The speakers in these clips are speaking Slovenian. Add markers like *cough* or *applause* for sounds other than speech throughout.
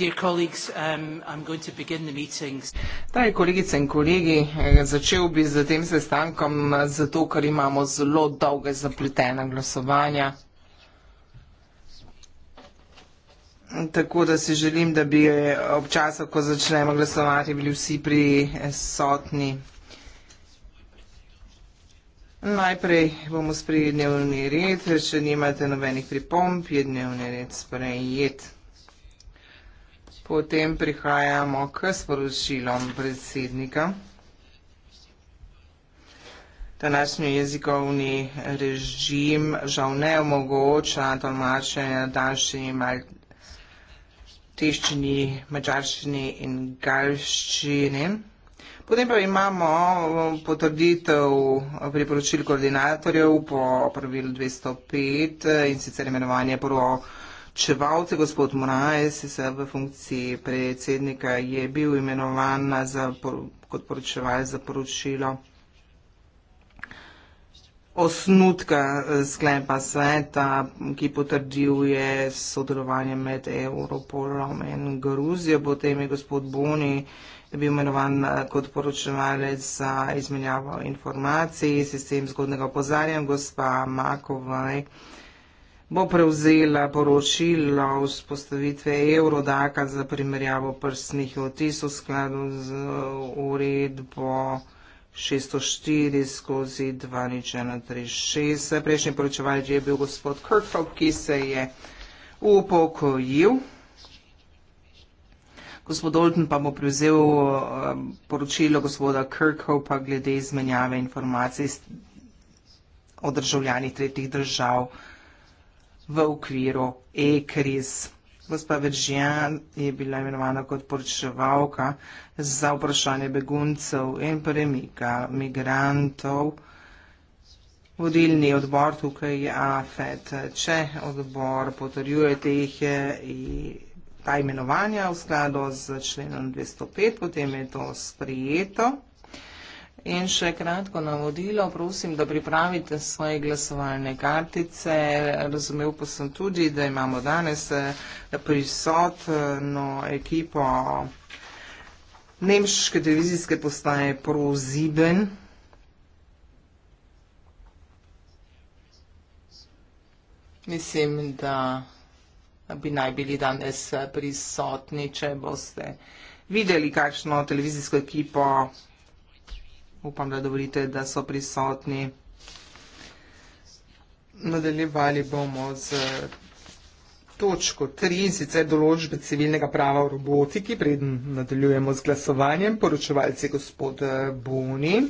Um, Drage kolegice in kolegi, eh, začel bi z tem sestankom, eh, zato ker imamo zelo dolge zapletene glasovanja. Tako da si želim, da bi eh, občasno, ko začnemo glasovati, bili vsi prisotni. Najprej bomo sprejeli dnevni red, če nimate nobenih pripomb, je dnevni red sprejet. Potem prihajamo k sporočilom predsednika. Današnji jezikovni režim žal ne omogoča tolmačenja danšnji malteščini, mačarščini in galščini. Potem pa imamo potrditev priporočil koordinatorjev po pravilu 205 in sicer imenovanje prvo odločevalce. Gospod Moraes v funkciji predsednika je bil imenovan za, kot poročevalj za poročilo osnutka eh, sklepa sveta, ki potrdjuje sodelovanje med Europolom in Gruzijo. Potem je gospod Boni bil imenovan eh, kot poročevalec za izmenjavo informacij, sistem zgodnega opozarjanja, gospa Makovaj bo prevzela poročilo vzpostavitve Eurodaka za primerjavo prstnih otisov v skladu z uredbo 604 skozi 2036. Prejšnji poročevalč je bil gospod Kirkhope, ki se je upokojil. Gospod Dolton pa bo prevzel um, poročilo gospoda Kirkhopa glede izmenjave informacij o državljanih tretjih držav v okviru e-kriz. Gospa Veržijan je bila imenovana kot poročevalka za vprašanje beguncev in premika migrantov. Vodilni odbor tukaj je AFET. Če odbor potrjuje teh eh, ta imenovanja v skladu z členom 205, potem je to sprijeto. In še kratko navodilo, prosim, da pripravite svoje glasovalne kartice. Razumev pa sem tudi, da imamo danes eh, prisotno ekipo nemške televizijske postaje ProZiben. Mislim, da bi naj bili danes eh, prisotni, če boste videli, kakšno televizijsko ekipo upam, da dovolite, da so prisotni. Nadaljevali bomo z eh, točko 3, sicer določbe civilnega prava v robotiki, preden nadaljujemo z glasovanjem, poročevalci gospod eh, Boni.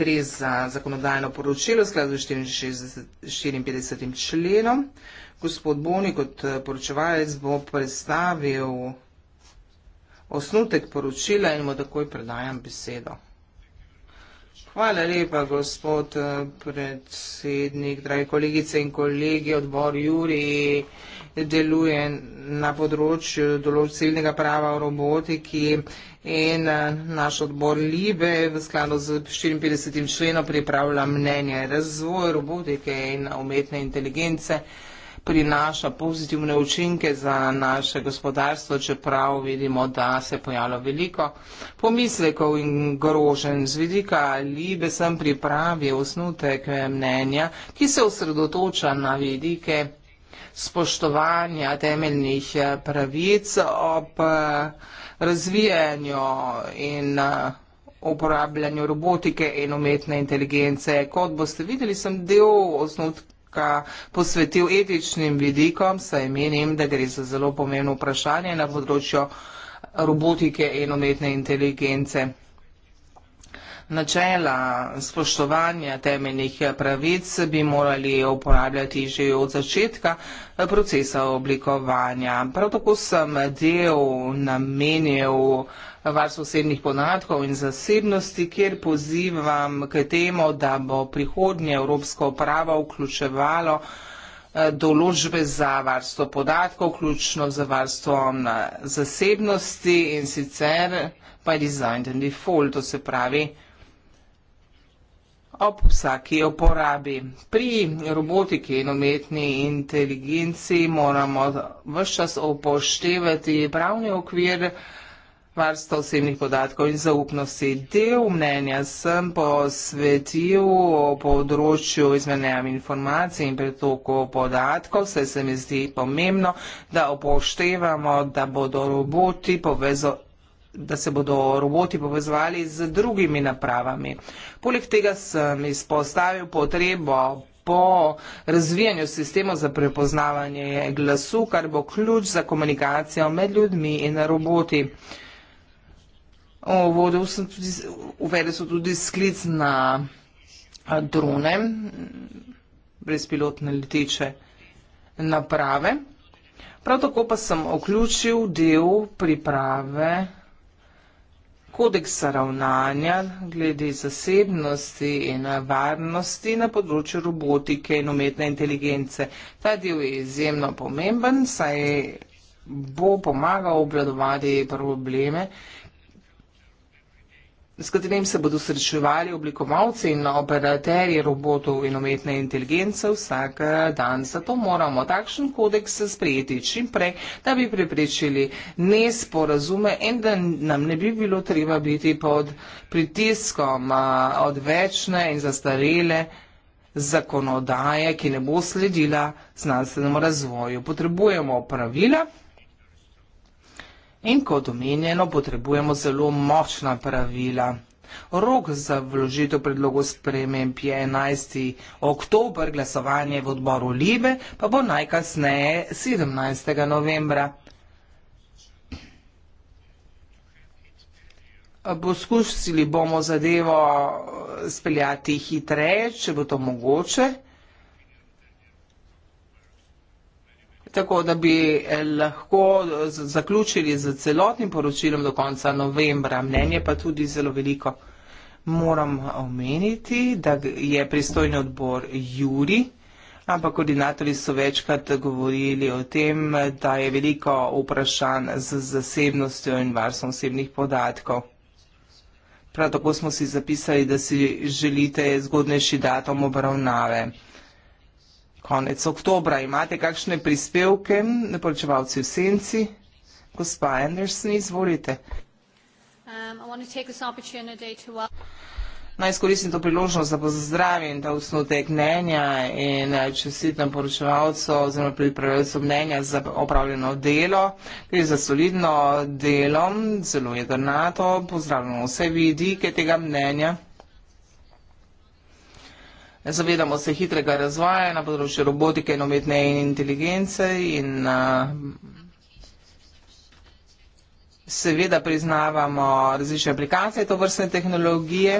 Gre za zakonodajno poročilo v skladu s 54. členom. Gospod Boni kot eh, poročevalec bo predstavil osnutek poročila in mu takoj predajam besedo. Hvala lepa, gospod eh, predsednik, dragi kolegice in kolegi, odbor Juri deluje na področju določilnega prava v robotiki in eh, naš odbor Libe v skladu z 54. členom pripravlja mnenje razvoj robotike in umetne inteligence prinaša pozitivne učinke za naše gospodarstvo, čeprav vidimo, da se pojavlja veliko pomislekov in grožen z vidika. Libe sem pripravil osnutek mnenja, ki se osredotoča na vidike spoštovanja temeljnih eh, pravic ob eh, razvijanju in eh, uporabljanju robotike in umetne inteligence. Kot boste videli, sem del osnutka ga posvetil etičnim vidikom, saj menim, da gre za zelo pomembno vprašanje na področju robotike in umetne inteligence. Načela spoštovanja temeljnih pravic bi morali uporabljati že od začetka procesa oblikovanja. Prav tako sem del namenil uh, varstvo osebnih podatkov in zasebnosti, kjer pozivam k temu, da bo prihodnje Evropsko pravo vključevalo eh, določbe za varstvo podatkov, vključno z varstvom eh, zasebnosti in sicer by design and default, to se pravi ob vsaki uporabi. Pri robotiki in umetni inteligenci moramo vse čas upoštevati pravni okvir, Varstvo osebnih podatkov in zaupnosti. Del mnenja sem posvetil o področju izmenjav informacij in pretoku podatkov, saj se mi zdi pomembno, da upoštevamo, da bodo roboti povezali da se bodo roboti povezovali z drugimi napravami. Poleg tega sem izpostavil potrebo po razvijanju sistemov za prepoznavanje glasu, kar bo ključ za komunikacijo med ljudmi in roboti. Vodil sem tudi, uvedel so tudi sklic na drone, brezpilotne leteče naprave. Prav tako pa sem vključil del priprave kodeksa ravnanja glede zasebnosti in varnosti na področju robotike in umetne inteligence. Ta del je izjemno pomemben, saj bo pomagal obladovati probleme, s katerim se bodo srečevali oblikovalci in operaterji robotov in umetne inteligence vsak eh, dan. Zato moramo takšen kodeks sprejeti čim prej, da bi preprečili nesporazume in da nam ne bi bilo treba biti pod pritiskom eh, odvečne in zastarele zakonodaje, ki ne bo sledila znanstvenemu razvoju. Potrebujemo pravila. In kot omenjeno, potrebujemo zelo močna pravila. Rok za vložitev predlogov sprememb je 11. oktober, glasovanje v odboru Libe pa bo najkasneje 17. novembra. Poskušali bomo zadevo speljati hitreje, če bo to mogoče. Tako da bi eh, lahko zaključili z celotnim poročilom do konca novembra. Mnenje pa tudi zelo veliko. Moram omeniti, da je pristojni odbor Juri, ampak koordinatorji so večkrat govorili o tem, da je veliko vprašanj z zasebnostjo in varstvom osebnih podatkov. Prav tako smo si zapisali, da si želite zgodnejši datum obravnave konec oktobra. Imate kakšne prispevke, napolčevalci v senci? Gospa Andersen, izvolite. Um, Naj izkoristim to priložnost, da pozdravim ta osnutek mnenja in eh, čestitno poročevalco oziroma pripravljalcu mnenja za opravljeno delo. Gre za solidno delo, zelo je donato, pozdravljamo vse vidike tega mnenja. Zavedamo se hitrega razvoja na področju robotike in umetne inteligence in seveda priznavamo različne aplikacije to vrstne tehnologije.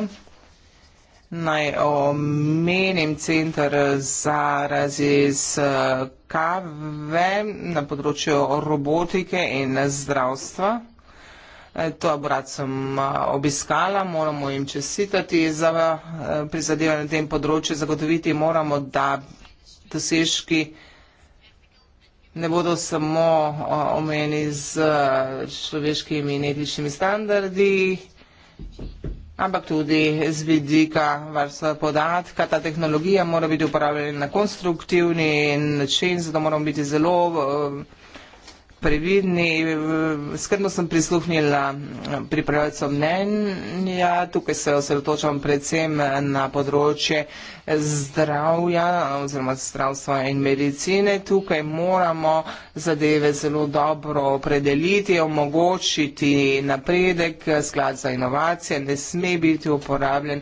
Naj omenim centr za raziskave na področju robotike in zdravstva. Eh, Ta brat sem eh, obiskala, moramo jim čestitati za eh, prizadevanje na tem področju, zagotoviti moramo, da dosežki ne bodo samo omenjeni z človeškimi in etičnimi standardi, ampak tudi z vidika varstva podatka. Ta tehnologija mora biti uporabljena na konstruktivni način, zato moramo biti zelo. Uh, previdni, skrbno sem prisluhnila eh, pripravljalcem mnenja, ja, tukaj se osredotočam predvsem na področje zdravja oziroma zdravstva in medicine. Tukaj moramo zadeve zelo dobro opredeliti, omogočiti napredek, sklad za inovacije, ne sme biti uporabljen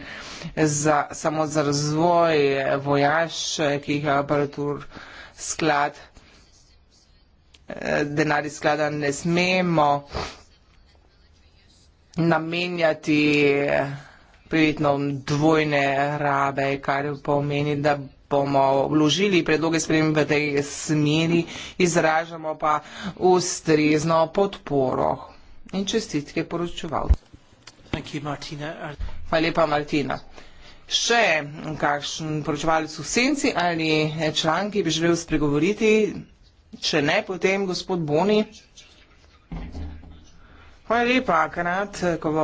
za, samo za razvoj vojaških aparatur sklad denar iz sklada ne smemo namenjati eh, prijetno dvojne rabe, kar pomeni, da bomo vložili predloge sprememb v tej smeri, izražamo pa ustrezno podporo in čestitke poročevalcev. Hvala lepa, Martina. Še kakšen poročevalec v senci ali članki bi želel spregovoriti? Če ne, potem gospod Boni. Hvala lepa, Kanat, ko bo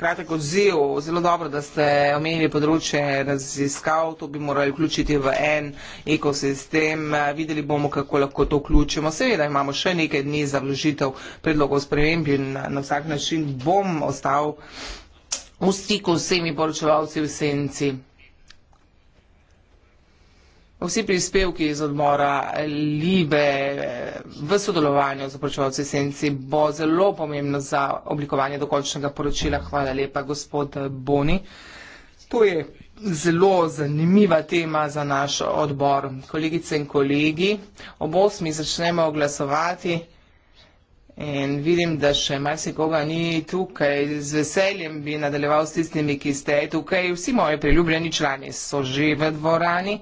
kratek odziv. Zelo dobro, da ste omenili področje raziskav, to bi morali vključiti v en ekosistem. Videli bomo, kako lahko to vključimo. Seveda imamo še nekaj dni za vložitev predlogov sprememb in na vsak način bom ostal v stiku s vsemi poročevalci v senci. Vsi prispevki iz odmora Libe eh, v sodelovanju z opračevalci Senci bo zelo pomembno za oblikovanje dokončnega poročila. Hvala lepa, gospod Boni. To je zelo zanimiva tema za naš odbor. Kolegice in kolegi, ob osmi začnemo glasovati in vidim, da še marsikoga ni tukaj. Z veseljem bi nadaljeval s tistimi, ki ste tukaj. Vsi moji priljubljeni člani so že v dvorani.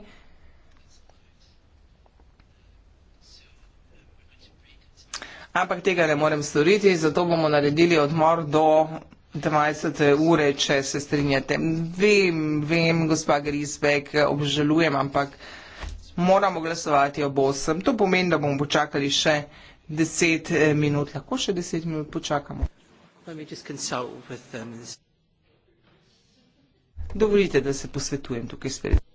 ampak tega ne morem storiti, zato bomo naredili odmor do 20. ure, če se strinjate. Vem, vem, gospa Grisbek, obžalujem, ampak moramo glasovati ob 8. To pomeni, da bomo počakali še 10 eh, minut. Lahko še 10 minut počakamo. Um, Dovolite, da se posvetujem tukaj spet.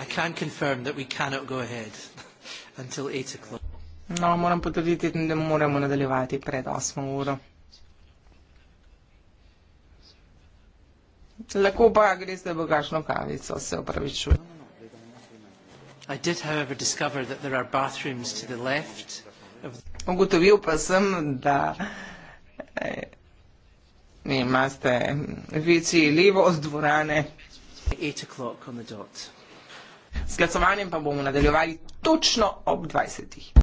I can confirm that we cannot go ahead *laughs* until 8 o'clock. No, moram potrditi, da ne moremo nadaljevati pred 8 uro. Lahko pa greste v kakšno kavico, se opravičujem. No, no, no, I did, however, discover that there are bathrooms to the left of the... Ugotovil pa sem, da eh, imate eh, večji levo od dvorane. 8 o'clock on the dot. Z glasovanjem pa bomo nadaljevali točno ob 20.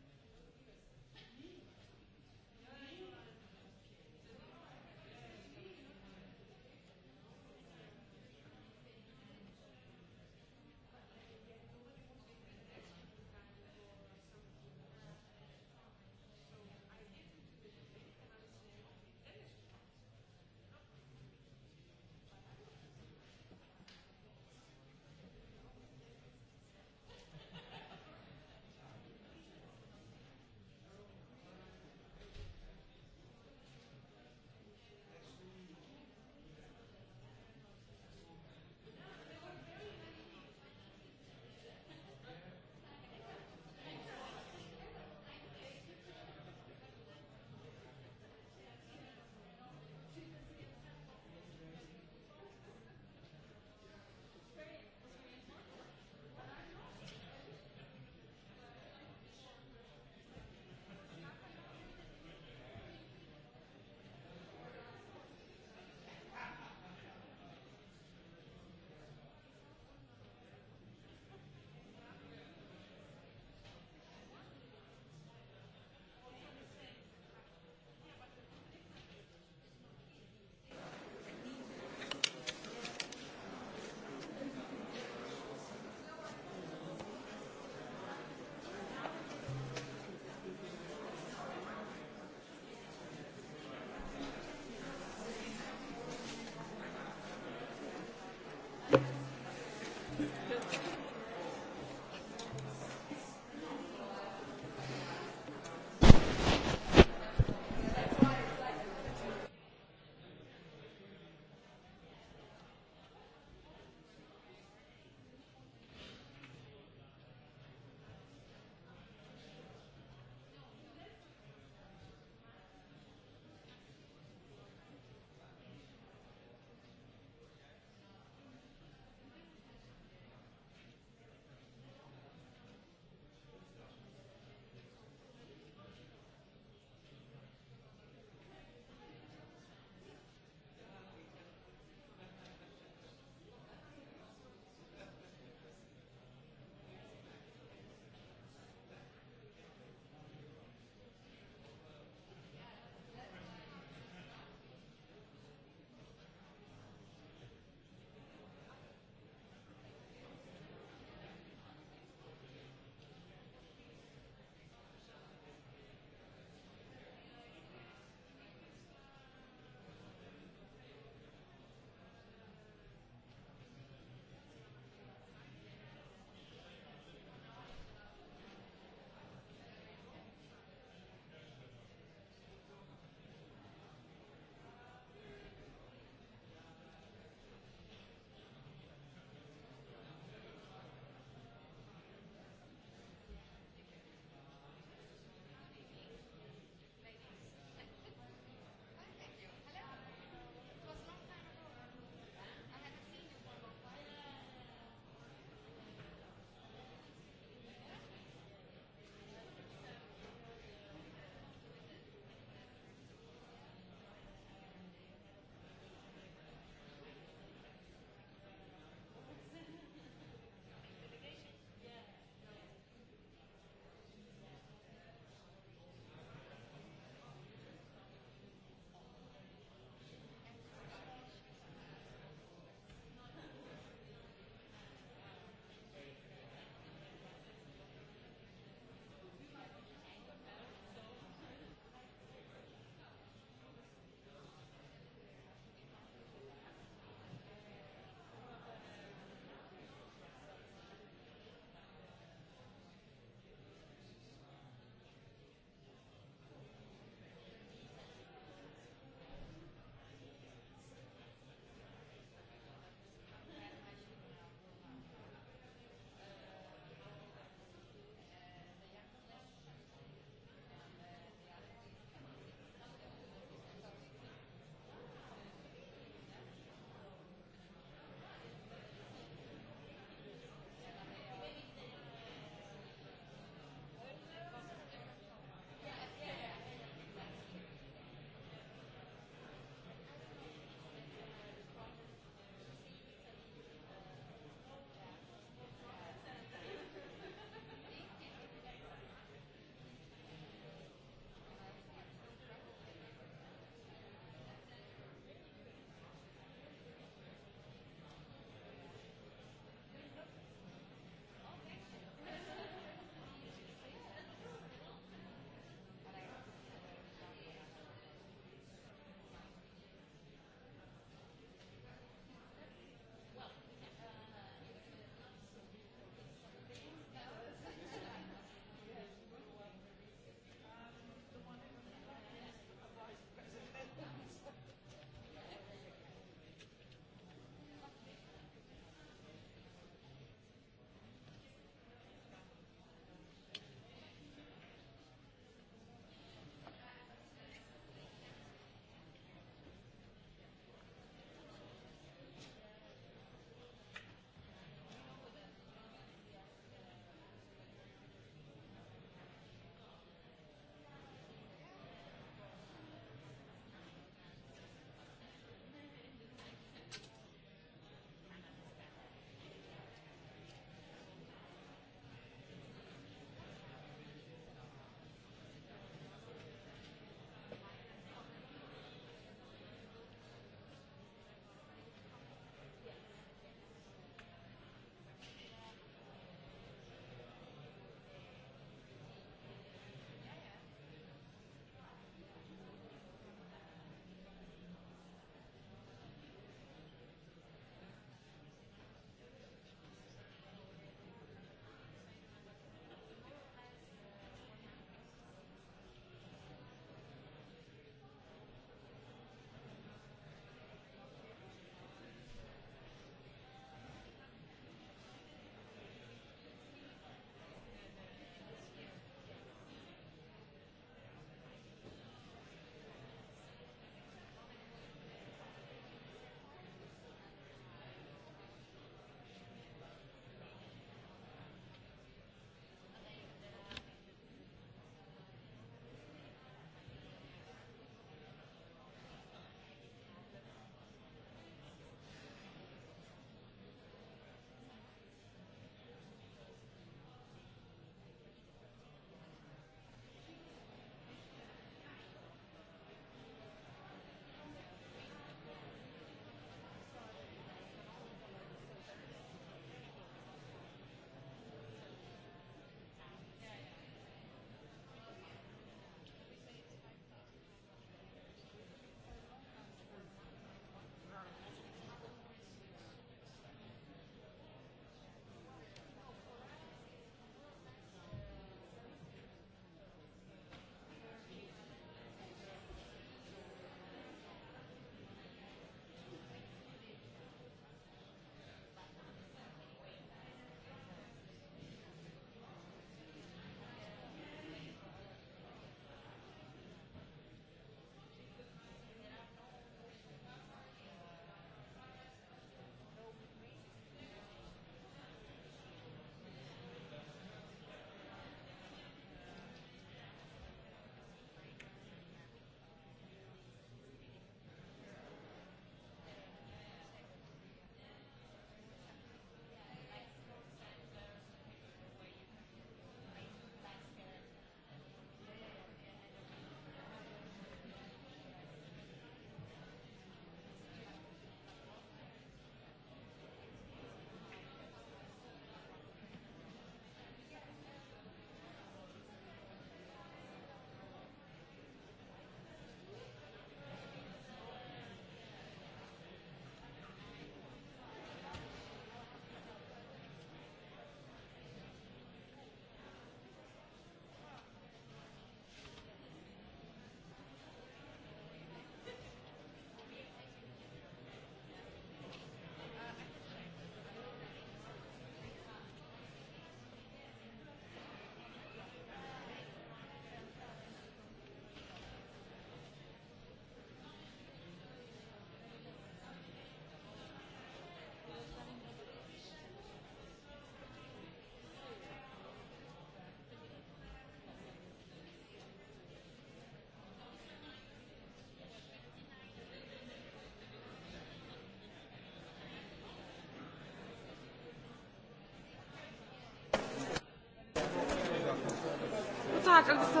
tak, ale to.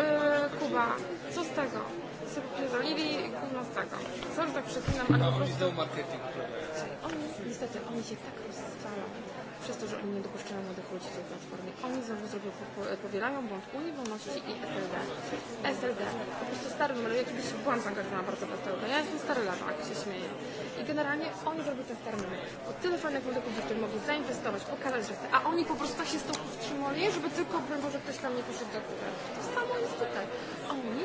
Yy, e, Kuba, co z tego? sobie pierdolili i ku nas taka. Zaraz tak przeklinam, ale po prostu... marketing. Oni, niestety, oni się tak rozstrzelą przez to, że oni nie dopuszczają młodych ludzi do platformy. Oni znowu zrobią, powielają błąd Unii Wolności i SLD. SLD. Po prostu stary numer. Ja kiedyś byłam zaangażowana bardzo w SLD. Ja jestem stary lewa, jak się śmieję. I generalnie oni zrobią ten stary numer. Bo tyle fajnych młodych ludzi, którzy mogli zainwestować, pokazać, że chcę. A oni po prostu się z tą powstrzymali, żeby tylko, bo może ktoś tam nie poszedł do góry. To samo jest tutaj. Oni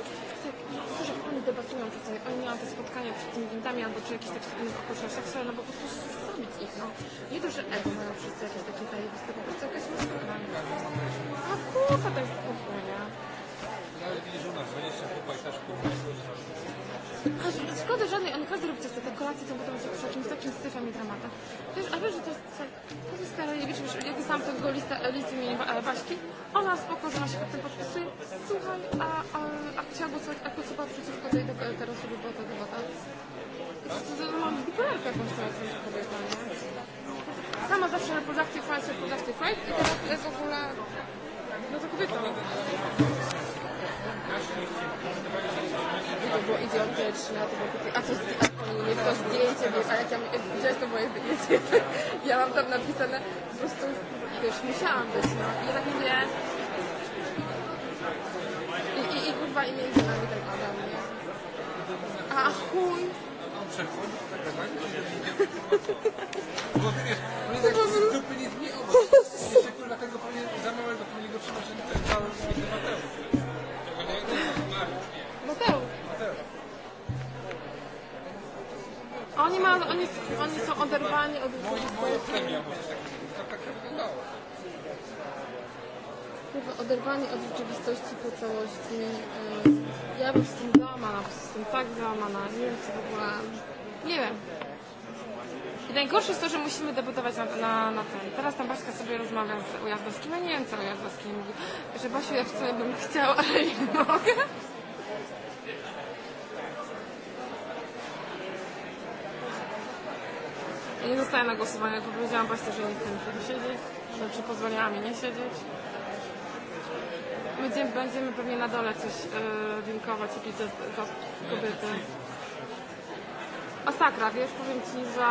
Słyszę, że oni debatują tutaj, oni mają te spotkania przed tymi windami albo czy jakichś takich innych okolicznościach, no po prostu zrobić ich, no. Nie to, że ego mają wszyscy jakieś takie tajemnice, po prostu jakaś muzykalna. A kurwa, to jest w ogóle, nie? Ale widzisz, u nas będzie się chłopak też kurwa, *laughs* Szkoda żadnej, ale każdy robi ciasto, te kolacje są potem się przy czymś takim syfem i dramatem. Wiesz, a wiesz, że to jest tak, to jest stary, nie wiesz, jak sam tego lista, e, listy mieli e, Waśki, ona spoko, że ona się pod tym podpisuje, słuchaj, a, a, a chciałabym coś, a co przeciwko tej teraz żeby była ta debata. Mam bipolarkę jakąś teraz, jak kobieta, no, nie? Sama zawsze na podawcy fajcie, podawcy fajcie i teraz jest w ogóle, no to kobieta. No. Ide, bo ide o teč, na to bo kupi. A to si, a to nie, to zdjęcie, wie, a jak ja, gdzie jest to moje zdjęcie? Ja mam tam napisane, po prostu, wiesz, musiałam być, no. I tak mówię. I, i, i kurwa, i między nami tak pada mnie. A chuj! Przechodzisz, *laughs* tak, tak? Bo ty wiesz, on jest jakiś z dupy, nie z oni, ma, oni, oni są oderwani od rzeczywistości. Oderwani od rzeczywistości po całości. E, ja bym z tym załamana, jestem tak załamana. Nie wiem, co w ogóle... Nie wiem. I najgorsze jest to, że musimy debutować na, na, na ten. Teraz tam Baśka sobie rozmawia z Ujazdowskim. Ja nie wiem, co Ujazdowski mówi. Że Basiu, ja wcale bym chciała, ale nie mogę. Ja nie zostaję na głosowanie, tylko powiedziałam Państwu, że nie chcę siedzieć, że czy pozwoliła mi nie siedzieć. Będziemy, będziemy pewnie na dole coś yy, e, winkować i pić za kobiety. Masakra, wiesz, powiem Ci, że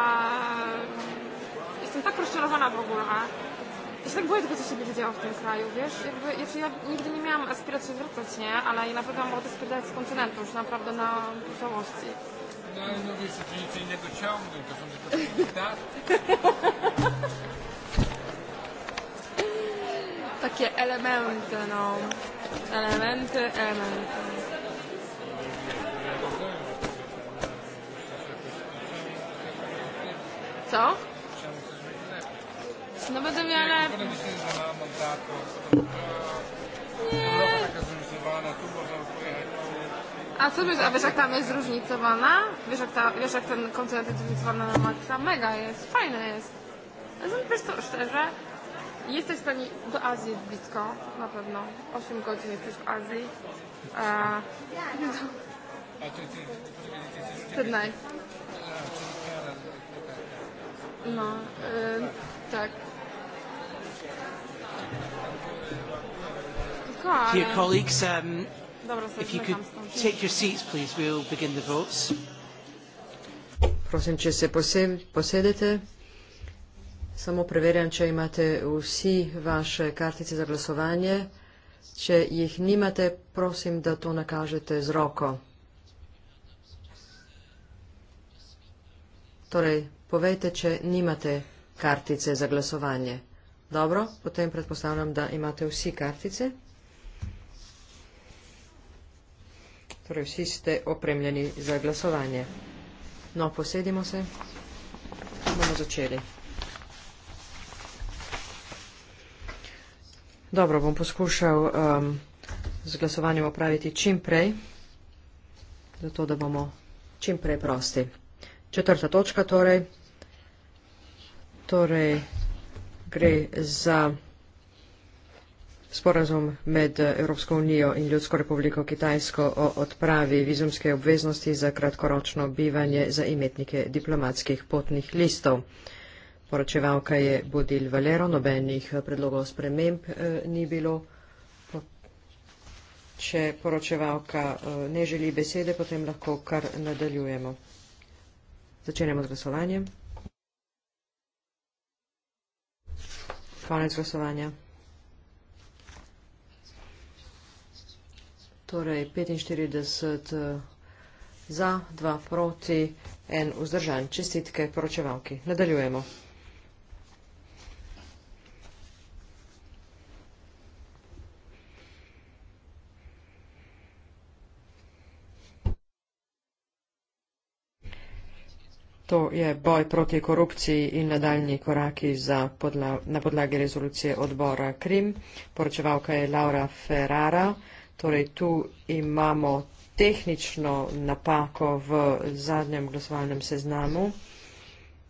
jestem tak rozczarowana w ogóle. Ja się tak boję tego, co się będzie działo w tym kraju, wiesz? Jakby, jeszcze ja nigdy nie miałam aspiracji wracać, nie? Ale i ja na pewno mam ochotę sprzedać z kontynentu, już naprawdę na całości. Na Takie elementy, no. Elementy, *laughs* elementy. No. Co? No będę miała... Ja, Nie. Tu A co wiesz, a wiesz jak tam jest zróżnicowana? Wiesz jak, ta, wiesz, jak ten koncert jest zróżnicowany na maksa? Mega jest, fajny jest. Ale wiesz co, szczerze, jesteś pani do Azji blisko, na pewno. 8 godzin jesteś w Azji. A ty, ty, No, y, e, tak. Your colleagues, um, If you could take your seats, please, we'll begin the votes. Prosim, če se posedete, samo preverjam, če imate vsi vaše kartice za glasovanje. Če jih nimate, prosim, da to nakažete z roko. Torej, povejte, če nimate kartice za glasovanje. Dobro, potem predpostavljam, da imate vsi kartice. Dobro. Torej, vsi ste opremljeni za glasovanje. No, posedimo se. Bomo začeli. Dobro, bom poskušal um, z glasovanjem opraviti čim prej, zato da bomo čim prej prosti. Četrta točka torej. Torej, gre za. Hmm sporazum med eh, Evropsko unijo in Ljudsko republiko Kitajsko o odpravi vizumske obveznosti za kratkoročno bivanje za imetnike diplomatskih potnih listov. Poročevalka je Budil Valero, nobenih eh, predlogov sprememb eh, ni bilo. Če poročevalka ne želi besede, potem lahko kar nadaljujemo. Začenjamo z glasovanjem. Konec glasovanja. Torej 45 eh, za, 2 proti, 1 vzdržan. Čestitke poročevalki. Nadaljujemo. To je boj proti korupciji in nadaljni koraki podla na podlagi rezolucije odbora Krim. Poročevalka je Laura Ferrara. Torej, tu imamo tehnično napako v zadnjem glasovalnem seznamu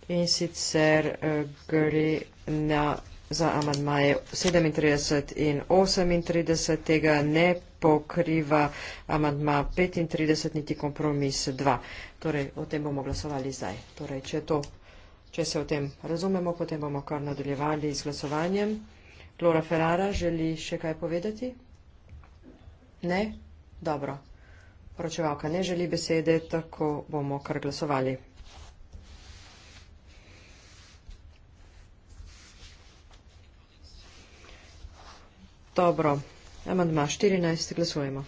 in sicer eh, gre na, za amadmaje 37 in 38, tega ne pokriva amadma 35, niti kompromis 2. Torej, o tem bomo glasovali zdaj. Torej, če, to, če se o tem razumemo, potem bomo kar nadaljevali z glasovanjem. Laura Ferrara želi še kaj povedati? Ne? Dobro. Poročevalka ne želi besede, tako bomo kar glasovali. Dobro. Amandma 14. Glasujemo.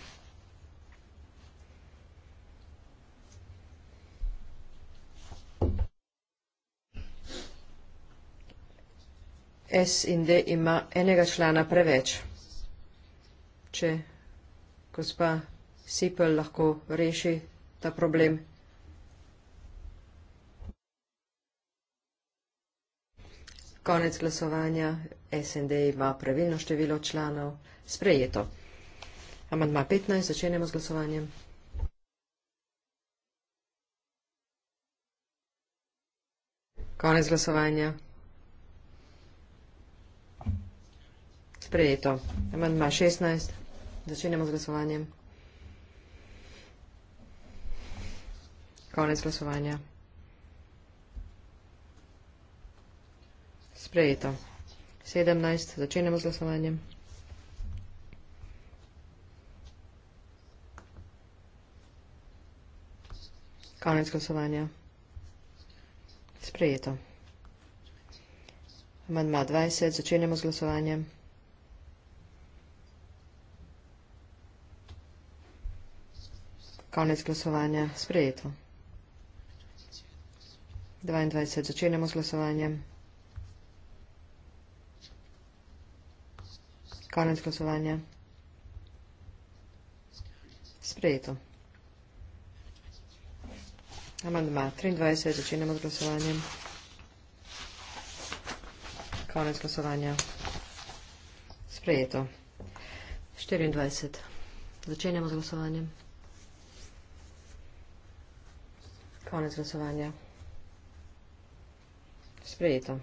S in D ima enega člana preveč. Če gospa Sipel lahko reši ta problem. Konec glasovanja. SND ima pravilno število članov. Sprejeto. Amandma 15. Začenjamo z glasovanjem. Konec glasovanja. Sprejeto. Amandma 16. Začenjamo z glasovanjem. Konec glasovanja. Sprejeto. 17. Začenjamo z glasovanjem. Konec glasovanja. Sprejeto. Amandma 20. Začenjamo z glasovanjem. Konec glasovanja sprejeto. 22. Začenjamo z glasovanjem. Konec glasovanja. Sprejeto. Amandma 23. Začenjamo z glasovanjem. Konec glasovanja. Sprejeto. 24. Začenjamo z glasovanjem. Konec glasovanja. Sprejeto.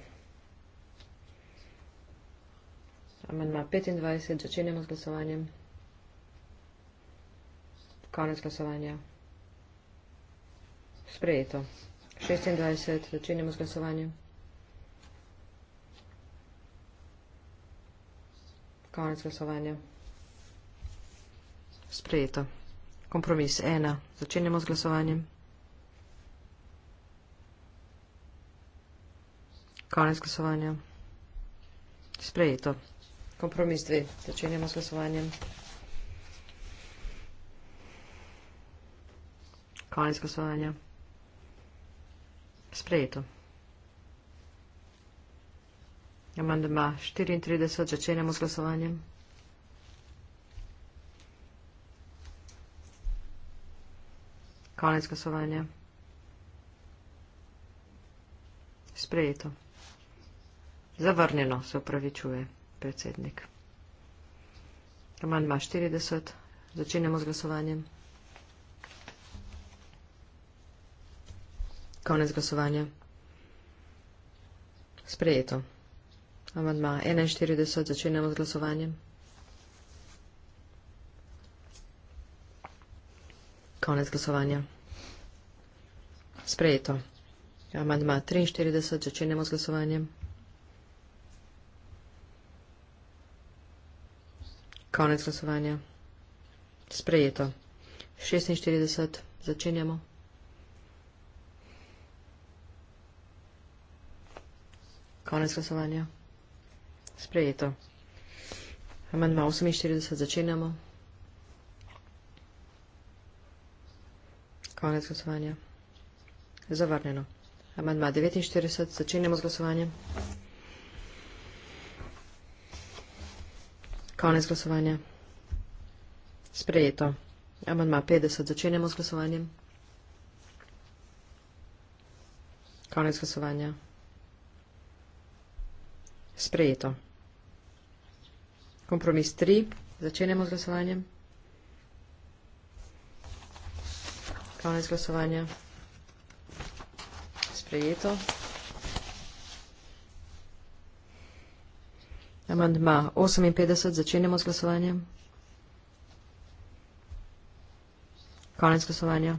Amendma 25. Začenjamo z glasovanjem. Konec glasovanja. Sprejeto. 26. Začenjamo z glasovanjem. Konec glasovanja. Sprejeto. Kompromis 1. Začenjamo z glasovanjem. Konec glasovanja. Sprejeto. Kompromis dve. Začenjamo s glasovanjem. Konec glasovanja. Sprejeto. Amandma 34. Začenjamo s glasovanjem. Konec glasovanja. Sprejeto. Zavrnjeno, se upravičuje, predsednik. Amandma 40. Začenjamo z glasovanjem. Konec glasovanja. Sprejeto. Amandma 41. Začenjamo z glasovanjem. Konec glasovanja. Sprejeto. Amandma 43. Začenjamo z glasovanjem. Konec glasovanja. Sprejeto. 46. Začenjamo. Konec glasovanja. Sprejeto. Amendma 48. Začenjamo. Konec glasovanja. Zavrnjeno. Amendma 49. Začenjamo z glasovanjem. Konec glasovanja. Sprejeto. Amandma 50. Začenjamo z glasovanjem. Konec glasovanja. Sprejeto. Kompromis 3. Začenjamo z glasovanjem. Konec glasovanja. Sprejeto. Amandma 58, začenjamo z glasovanjem. Konec glasovanja.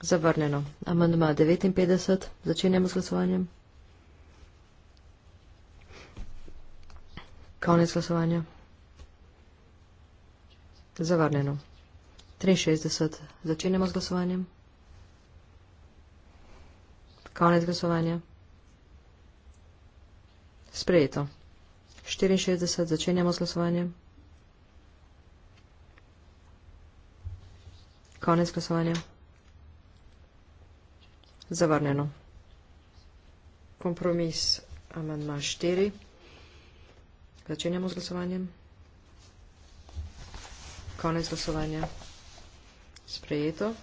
Zavrnjeno. Amandma 59, začenjamo z glasovanjem. Konec glasovanja. Zavrnjeno. 63, začenjamo z glasovanjem. Konec glasovanja. Sprejeto. 64. Začenjamo z glasovanjem. Konec glasovanja. Zavrnjeno. Kompromis amandma 4. Začenjamo z glasovanjem. Konec glasovanja. Sprejeto.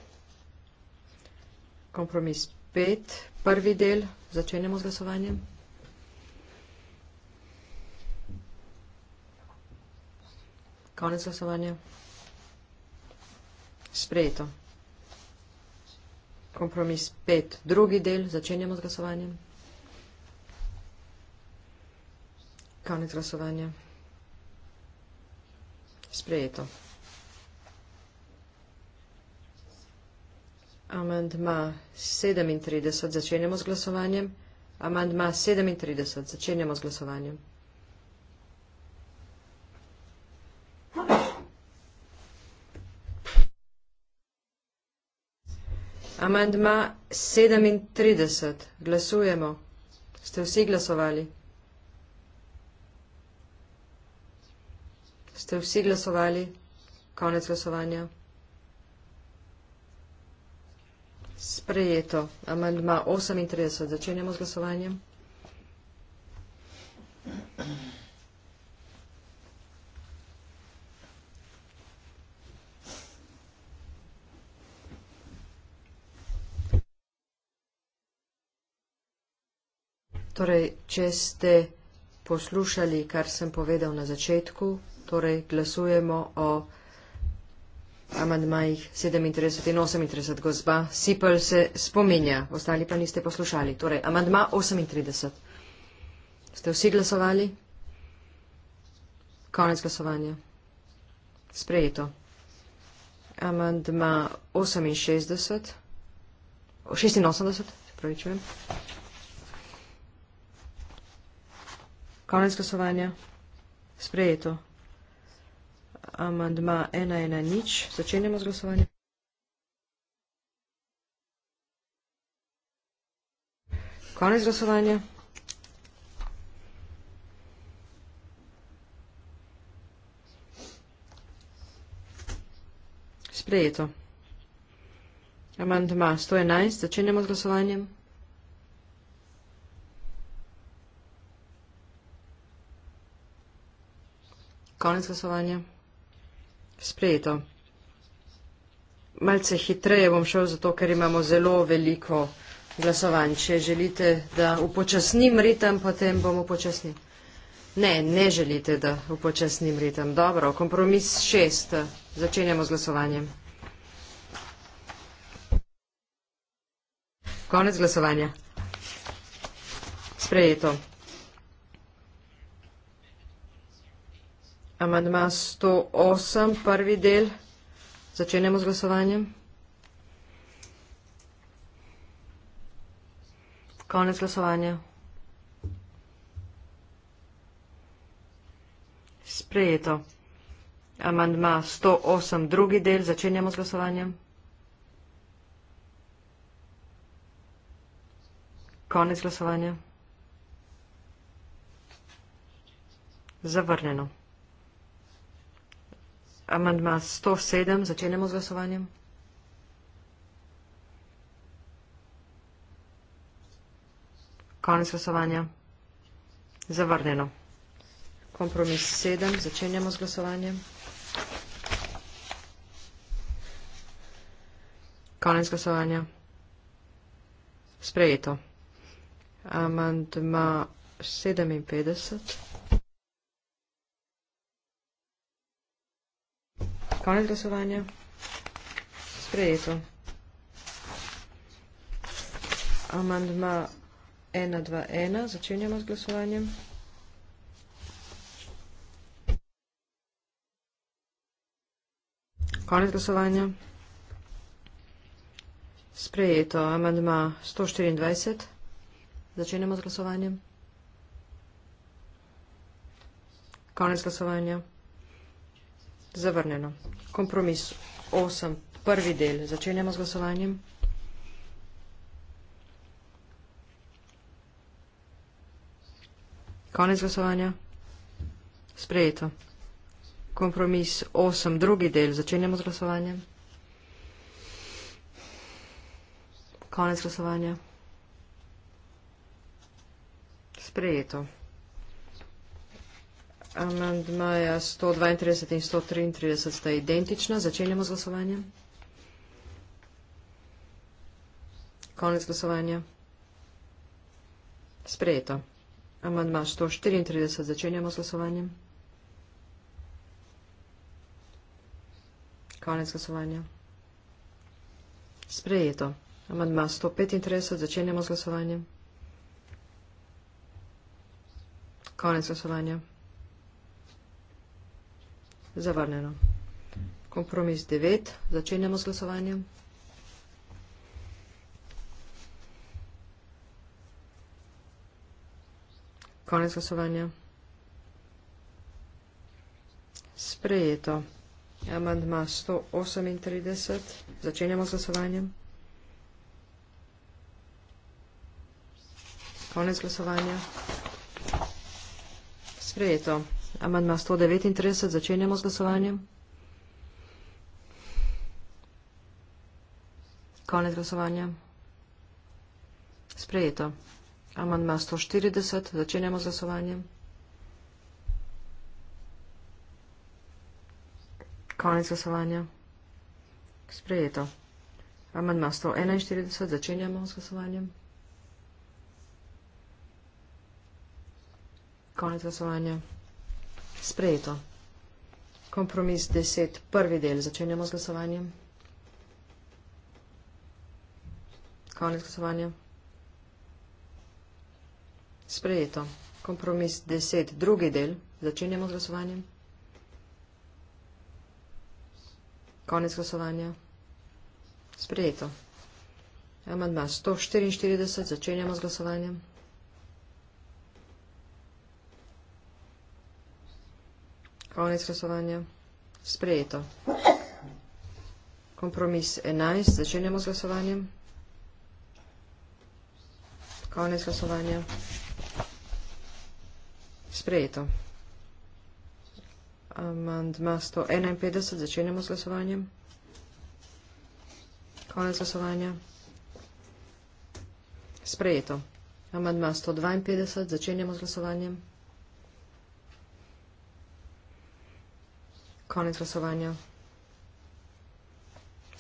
Kompromis 5. Prvi del. Začenjamo z glasovanjem. Zavrnjeno. Konec glasovanja. Sprejeto. Kompromis pet. Drugi del. Začenjamo z glasovanjem. Konec glasovanja. Sprejeto. Amandma 37. Začenjamo z glasovanjem. Amandma 37. Začenjamo z glasovanjem. Amandma 37. Glasujemo. Ste vsi glasovali? Ste vsi glasovali? Konec glasovanja. Sprejeto. Amandma 38. Začenjamo z glasovanjem. Thank you. Torej, če ste poslušali, kar sem povedal na začetku, torej glasujemo o amandmajih 37 in 38, gozba Sipel se spominja, ostali pa niste poslušali. Torej, amandma 38. Ste vsi glasovali? Konec glasovanja. Sprejeto. Amandma 68. 86, pravičujem. Konec glasovanja. Sprejeto. Amandma 1.1. Nič. Začenjamo z glasovanjem. Konec glasovanja. Sprejeto. Amandma 111. Začenjamo z glasovanjem. Konec glasovanja. Sprejeto. Malce hitreje bom šel, zato ker imamo zelo veliko glasovanj. Če želite, da upočasnim ritem, potem bomo počasni. Ne, ne želite, da upočasnim ritem. Dobro, kompromis šest. Začenjamo z glasovanjem. Konec glasovanja. Sprejeto. Amandma 108, prvi del. Začenjamo z glasovanjem. Konec glasovanja. Sprejeto. Amandma 108, drugi del. Začenjamo z glasovanjem. Konec glasovanja. Zavrnjeno. Amandma 107, začenjamo z glasovanjem. Konec glasovanja. Zavrnjeno. Kompromis 7, začenjamo z glasovanjem. Konec glasovanja. Sprejeto. Amandma 57. Konec glasovanja. Sprejeto. Amandma 1.2.1. Začenjamo z glasovanjem. Konec glasovanja. Sprejeto. Amandma 124. Začenjamo z glasovanjem. Konec glasovanja. Zavrnjeno. Kompromis 8. Prvi del. Začenjamo z glasovanjem. Konec glasovanja. Sprejeto. Kompromis 8. Drugi del. Začenjamo z glasovanjem. Konec glasovanja. Sprejeto. Amandmaja 132 in 133 sta identična. Začenjamo z glasovanjem. Konec glasovanja. Sprejeto. Amandma 134. Začenjamo z glasovanjem. Konec glasovanja. Sprejeto. Amandma 135. Začenjamo z glasovanjem. Konec glasovanja. Zavrnjeno. Kompromis 9. Začenjamo z glasovanjem. Konec glasovanja. Sprejeto. Amandma 138. Začenjamo z glasovanjem. Konec glasovanja. Sprejeto. Amandma 139, začenjamo z glasovanjem. Konec glasovanja. Sprejeto. Amandma 140, začenjamo z glasovanjem. Konec glasovanja. Sprejeto. Amandma 141, začenjamo z glasovanjem. Konec glasovanja. Sprejeto. Kompromis 10, prvi del, začenjamo z glasovanjem. Konec glasovanja. Sprejeto. Kompromis 10, drugi del, začenjamo z glasovanjem. Konec glasovanja. Sprejeto. Amandma 144, začenjamo z glasovanjem. Konec glasovanja. Sprejeto. Kompromis 11. Začenjamo z glasovanjem. Konec glasovanja. Sprejeto. Amandma 151. Začenjamo z glasovanjem. Konec glasovanja. Sprejeto. Amandma 152. Začenjamo z glasovanjem. konec glasovanja.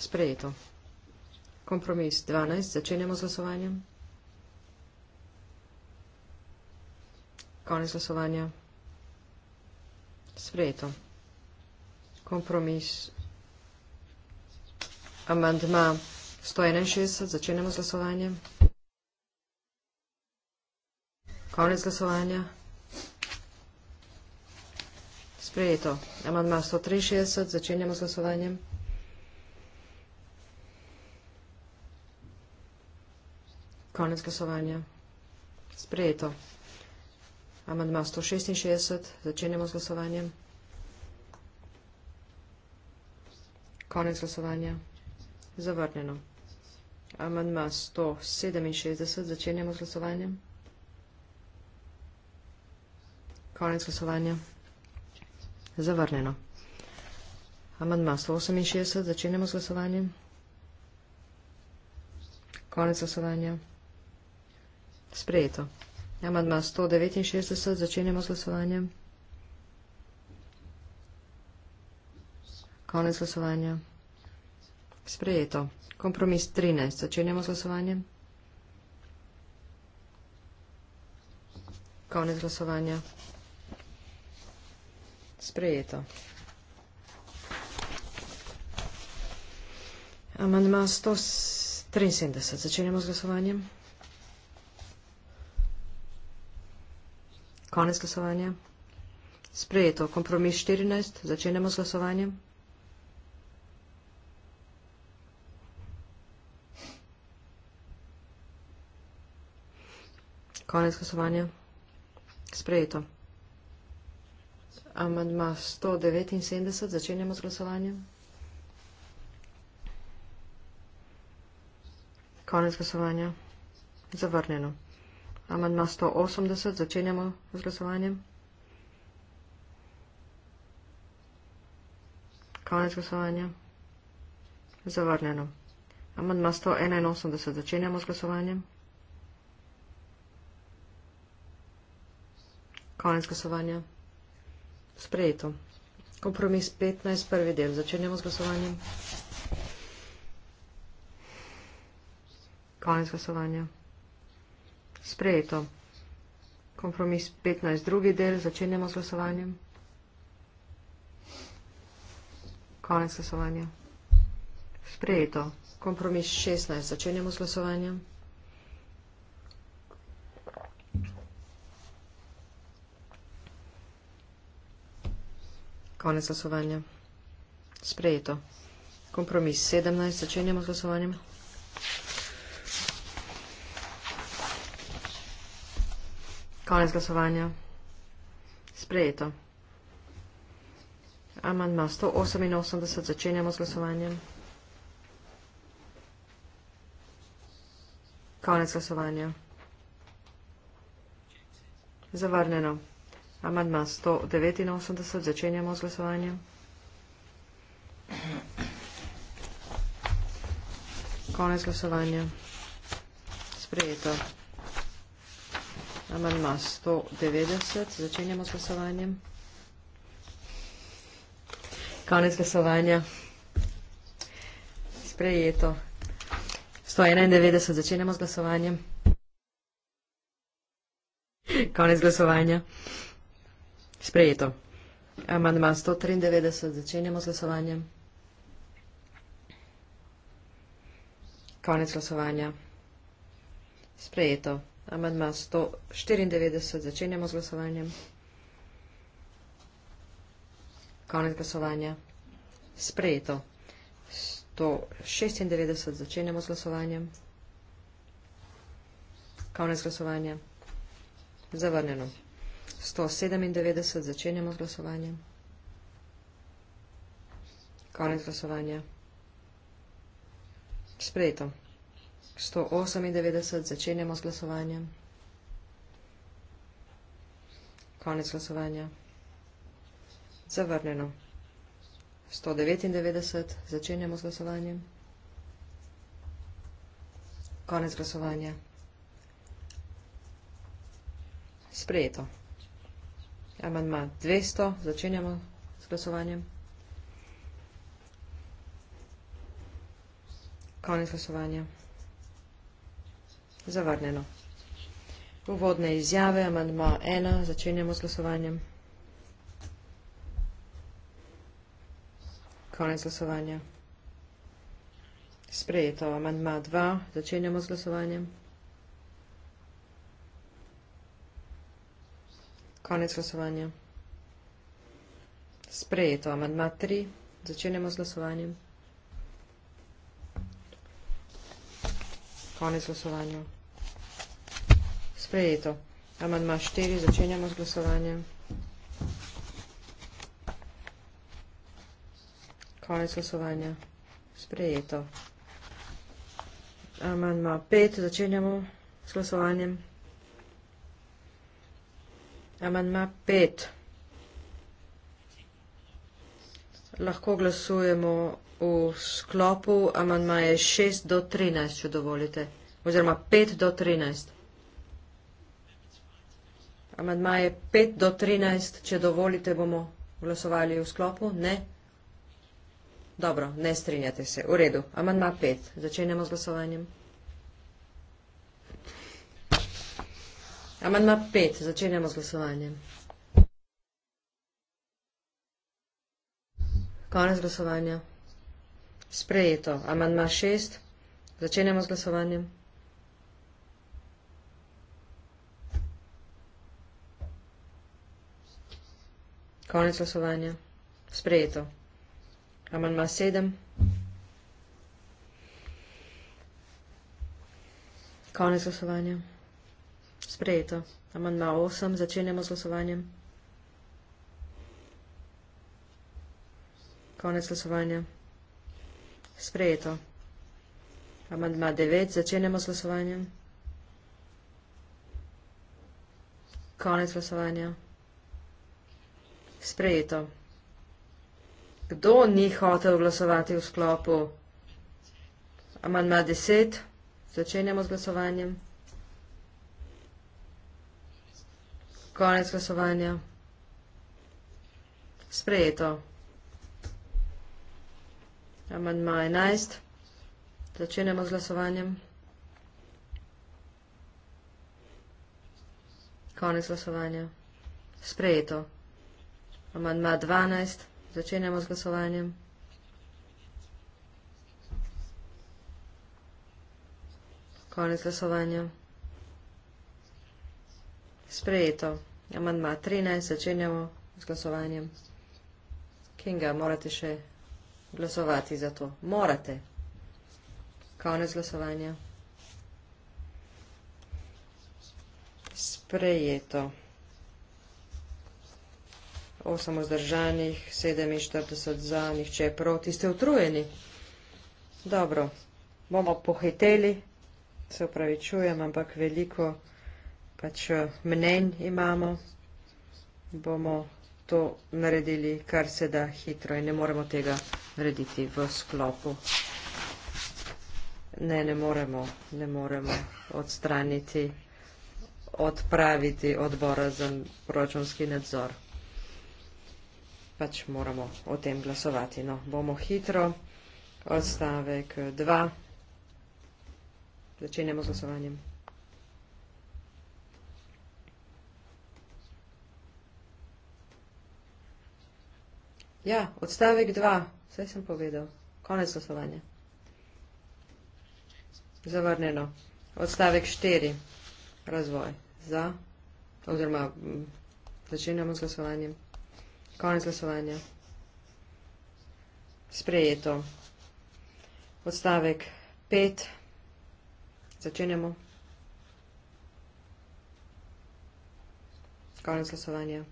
Sprejeto. Kompromis 12. Začenjamo z glasovanjem. Konec glasovanja. Sprejeto. Kompromis. Amandma 161. Začenjamo z glasovanjem. Konec glasovanja. Prijeto. Amandma 163. Začenjamo s glasovanjem. Konec glasovanja. Sprejeto. Amandma 166. Začenjamo s glasovanjem. Konec glasovanja. Zavrnjeno. Amandma 167. Začenjamo s glasovanjem. Konec glasovanja. Zavrnjeno. Amandma 168, začenjamo z glasovanjem. Konec glasovanja. Sprejeto. Amandma 169, začenjamo z glasovanjem. Konec glasovanja. Sprejeto. Kompromis 13, začenjamo z glasovanjem. Konec glasovanja sprejeto. Amandma 173. Začenjamo z glasovanjem. Konec glasovanja. Sprejeto. Kompromis 14. Začenjamo z glasovanjem. Konec glasovanja. Sprejeto amandma 179, začenjamo z glasovanjem. Konec glasovanja. Zavrnjeno. Amandma 180, začenjamo z glasovanjem. Konec glasovanja. Zavrnjeno. Amandma 181, začenjamo z glasovanjem. Konec glasovanja. Sprejeto. Kompromis 15, prvi del. Začenjamo z glasovanjem. Konec glasovanja. Sprejeto. Kompromis 15, drugi del. Začenjamo z glasovanjem. Konec glasovanja. Sprejeto. Kompromis 16. Začenjamo z glasovanjem. Konec glasovanja. Sprejeto. Kompromis 17. Začenjamo z glasovanjem. Konec glasovanja. Sprejeto. Amandma 188. Začenjamo z glasovanjem. Konec glasovanja. Zavrneno. Amandma 189, začenjamo z glasovanjem. Konec glasovanja. Sprejeto. Amandma 190, začenjamo z glasovanjem. Konec glasovanja. Sprejeto. 191, začenjamo z glasovanjem. Konec glasovanja. Sprejeto. Amandman 193, začenjamo z glasovanjem. Konec glasovanja. Sprejeto. Amandman 194, začenjamo z glasovanjem. Konec glasovanja. Sprejeto. 196, začenjamo z glasovanjem. Konec glasovanja. Zavrnjeno. 197, začenjamo glasovanje. Konec glasovanja. Sprejeto. 198, začenjamo z glasovanjem. Konec glasovanja. Zavrnjeno. 199, začenjamo z glasovanjem. Konec glasovanja. Sprejeto. Amandma 200. Začenjamo s glasovanjem. Konec glasovanja. Zavrneno. Uvodne izjave. Amandma 1. Začenjamo s glasovanjem. Konec glasovanja. Sprejeto. Amandma 2. Začenjamo s glasovanjem. Konec glasovanja. Konec glasovanja. Sprejeto. Amadma 3. Začenemo z glasovanjem. Konec glasovanja. Sprejeto. Amadma 4. Začenjamo z glasovanjem. Konec glasovanja. Sprejeto. Amadma 5. Začenjamo z glasovanjem. Sprejeto. Amandma 5. Lahko glasujemo v sklopu amandmaje 6 do 13, če dovolite. Oziroma 5 do 13. Amandmaje 5 do 13, če dovolite, bomo glasovali v sklopu. Ne? Dobro, ne strinjate se. V redu. Amandma 5. Začenjamo z glasovanjem. Amandma 5. Začenjamo z glasovanjem. Konec glasovanja. Sprejeto. Amandma 6. Začenjamo z glasovanjem. Konec glasovanja. Sprejeto. Amandma 7. Konec glasovanja. Sprejeto. Amandma 8. Začenjamo z glasovanjem. Konec glasovanja. Sprejeto. Amandma 9. Začenjamo z glasovanjem. Konec glasovanja. Sprejeto. Kdo ni hotel glasovati v sklopu? Amandma 10. Začenjamo z glasovanjem. Konec glasovanja. Sprejeto. Amandma 11. Začenjamo z glasovanjem. Konec glasovanja. Sprejeto. Amandma 12. Začenjamo z glasovanjem. Konec glasovanja. Sprejeto. Amandma 13, začenjamo z glasovanjem. Kinga, morate še glasovati za to. Morate. Konec glasovanja. Sprejeto. 8 vzdržanih, 47 za, nihče proti, ste utrujeni. Dobro, bomo pohiteli, se upravičujem, ampak veliko vzdržanih pač eh, mnenj imamo, bomo to naredili kar se da hitro in ne moremo tega narediti v sklopu. Ne, ne moremo, ne moremo odstraniti, odpraviti odbora za proračunski nadzor. Pač moramo o tem glasovati. No, bomo hitro. Odstavek 2. Začenjamo z glasovanjem. Ja, odstavek 2, vse sem povedal, konec glasovanja. Zavrnjeno. Odstavek 4, razvoj. Za, oziroma začenjamo z glasovanjem. Konec glasovanja. Sprejeto. Odstavek 5, začenjamo. Konec glasovanja.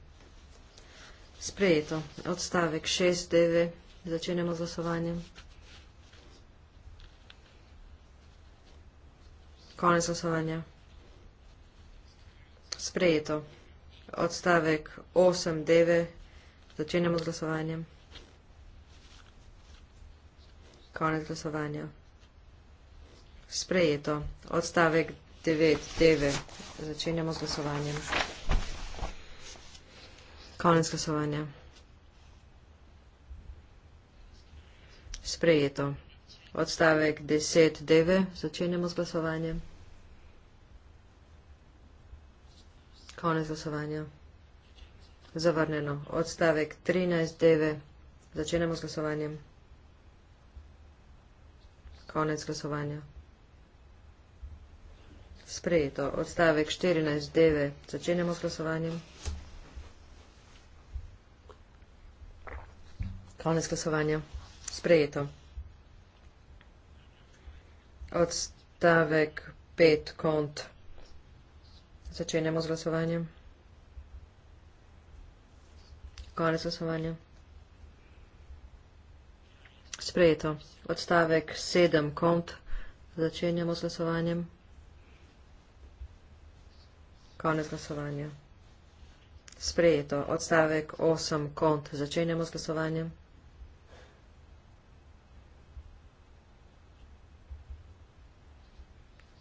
Sprejeto. Odstavek 6, 9. Začenjamo z glasovanjem. Konec glasovanja. Sprejeto. Odstavek 8, 9. Začenjamo z glasovanjem. Konec glasovanja. Sprejeto. Odstavek 9, 9. Začenjamo z glasovanjem. Sprejeto. Konec glasovanja. Sprejeto. Odstavek 10, 9. Začenjamo z glasovanjem. Konec glasovanja. Zavrneno. Odstavek 13, 9. Začenjamo z glasovanjem. Konec glasovanja. Sprejeto. Odstavek 14, 9. Začenjamo z glasovanjem. Konec glasovanja. Sprejeto. Odstavek 5 kont. Začenjamo z glasovanjem. Konec glasovanja. Sprejeto. Odstavek 7 kont. Začenjamo z glasovanjem. Konec glasovanja. Sprejeto. Odstavek 8 kont. Začenjamo z glasovanjem.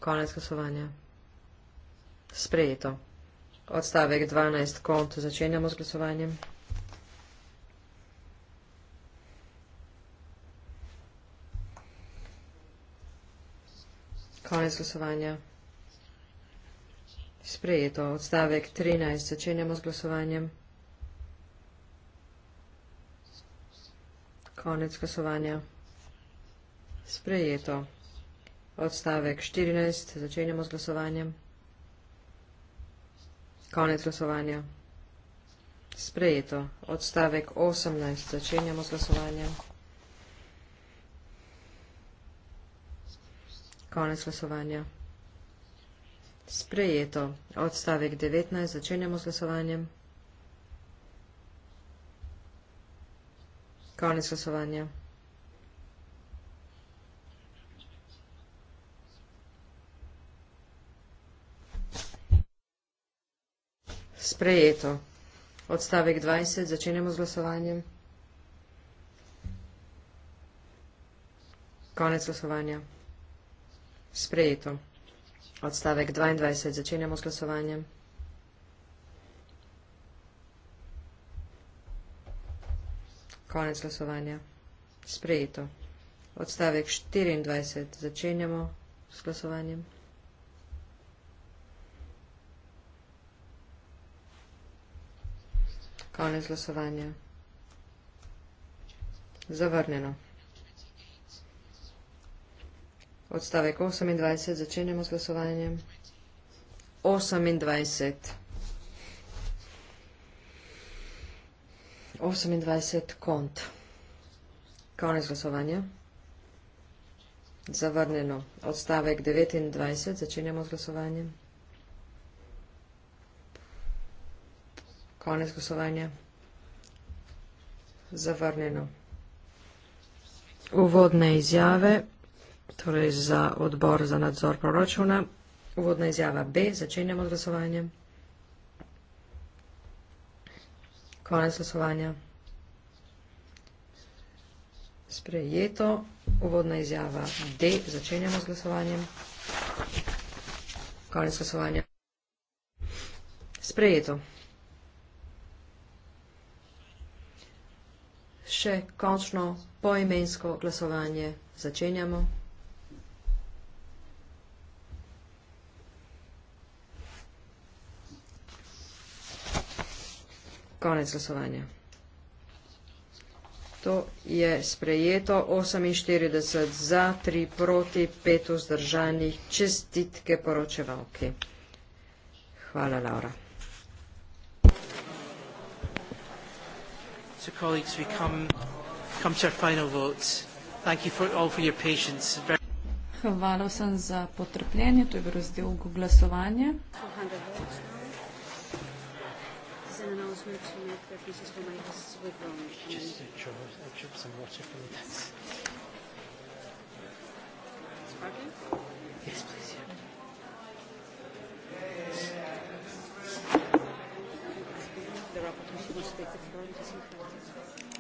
Konec glasovanja. Sprejeto. Odstavek 12. Kont. Začenjamo z glasovanjem. Konec glasovanja. Sprejeto. Odstavek 13. Začenjamo z glasovanjem. Konec glasovanja. Sprejeto. Odstavek 14. Začenjamo z glasovanjem. Konec glasovanja. Sprejeto. Odstavek 18. Začenjamo z glasovanjem. Konec glasovanja. Sprejeto. Odstavek 19. Začenjamo z glasovanjem. Konec glasovanja. Sprejeto. Odstavek 20. Začenjamo z glasovanjem. Konec glasovanja. Sprejeto. Odstavek 22. Začenjamo z glasovanjem. Konec glasovanja. Sprejeto. Odstavek 24. Začenjamo s glasovanjem. Konec glasovanja. Zavrnjeno. Odstavek 28. Začenjamo z glasovanjem. 28. 28. Kont. Konec glasovanja. Zavrnjeno. Odstavek 29. Začenjamo z glasovanjem. Konec glasovanja. Zavrnjeno. Uvodne izjave, torej za odbor za nadzor proračuna. Uvodna izjava B, začenjamo z glasovanjem. Konec glasovanja. Sprejeto. Uvodna izjava D, začenjamo z glasovanjem. Konec glasovanja. Sprejeto. še končno poimensko glasovanje začenjamo. Konec glasovanja. To je sprejeto 48 za, 3 proti, 5 vzdržanih čestitke poročevalki. Hvala, Laura. So colleagues, we come, come to our final votes. Thank you for all for your patience. Very Hvala vsem za potrpljenje, to je bil razdel glasovanja. Thank you.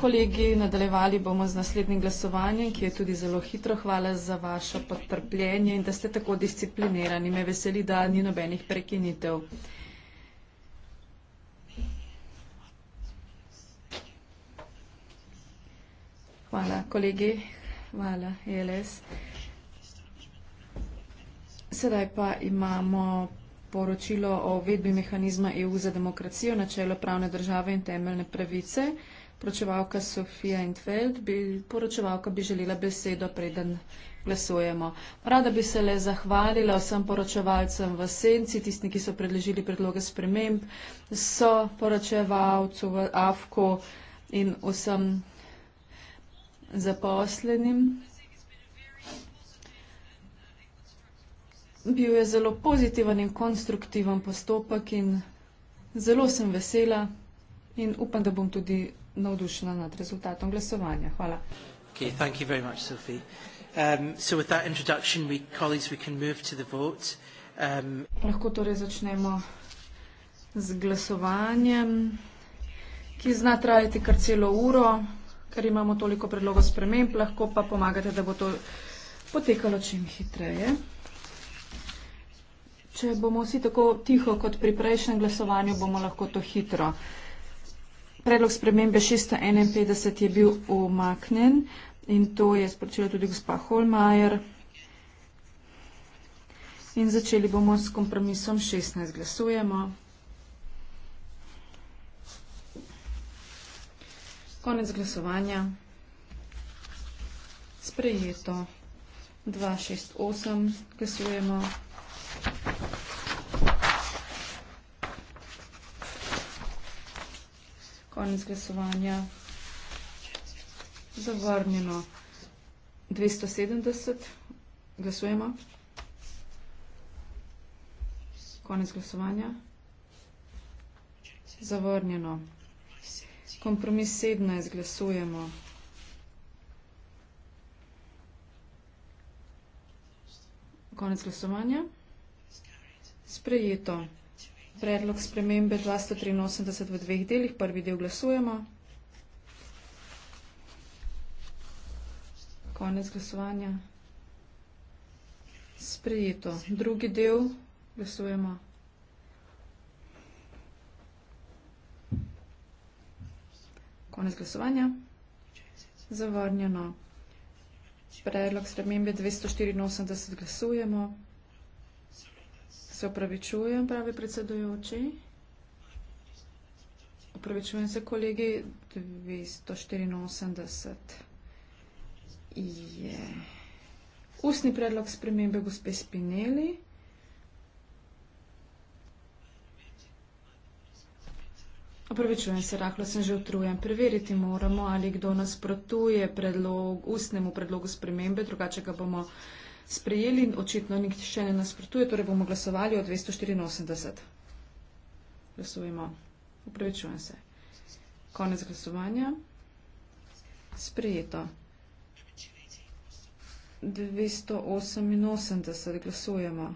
Kolegi, nadaljevali bomo z naslednjim glasovanjem, ki je tudi zelo hitro. Hvala za vaše potrpljenje in da ste tako disciplinirani. Me veseli, da ni nobenih prekinitev. Hvala, kolegi. Hvala, ELS. Sedaj pa imamo poročilo o uvedbi mehanizma EU za demokracijo, načelo pravne države in temeljne pravice poročevalka Sofija Entfeld, bi, poročevalka bi želela besedo, preden glasujemo. Rada bi se le zahvalila vsem poročevalcem v senci, tistim, ki so predložili predloge sprememb, so poročevalcu v AFKO in vsem zaposlenim. Bil je zelo pozitiven in konstruktiven postopek in zelo sem vesela in upam, da bom tudi navdušena nad rezultatom glasovanja. Hvala. Okay, thank you very much, Sophie. Um, so with that introduction, we, colleagues, we can move to the vote. Um, Lahko torej začnemo z glasovanjem, ki zna trajati kar celo uro, ker imamo toliko predlogov sprememb, lahko pa pomagate, da bo to potekalo čim hitreje. Če bomo vsi tako tiho kot pri prejšnjem glasovanju, bomo lahko to hitro. Uh, predlog spremembe 651 je bil omaknen in to je sporočila tudi gospa Holmajer. In začeli bomo s kompromisom 16. Glasujemo. Konec glasovanja. Sprejeto. 268. Glasujemo. Konec glasovanja. Zavrnjeno. 270. Glasujemo. Konec glasovanja. Zavrnjeno. Kompromis 17. Glasujemo. Konec glasovanja. Sprejeto. Predlog spremembe 283 v dveh delih. Prvi del glasujemo. Konec glasovanja. Sprejeto. Drugi del glasujemo. Konec glasovanja. Zavrnjeno. Predlog spremembe 284 glasujemo. Se opravičujem, pravi predsedujoči. Opravičujem se, kolegi, 284 je ustni predlog spremembe gospe Spinelli. Opravičujem se, rahlo sem že utrujen. Preveriti moramo, ali kdo nasprotuje predlog, ustnemu predlogu spremembe, drugače ga bomo sprejeli in očitno nikče ne nasprotuje, torej bomo glasovali o 284. Glasujemo. Upravičujem se. Konec glasovanja. Sprejeto. 288. Glasujemo.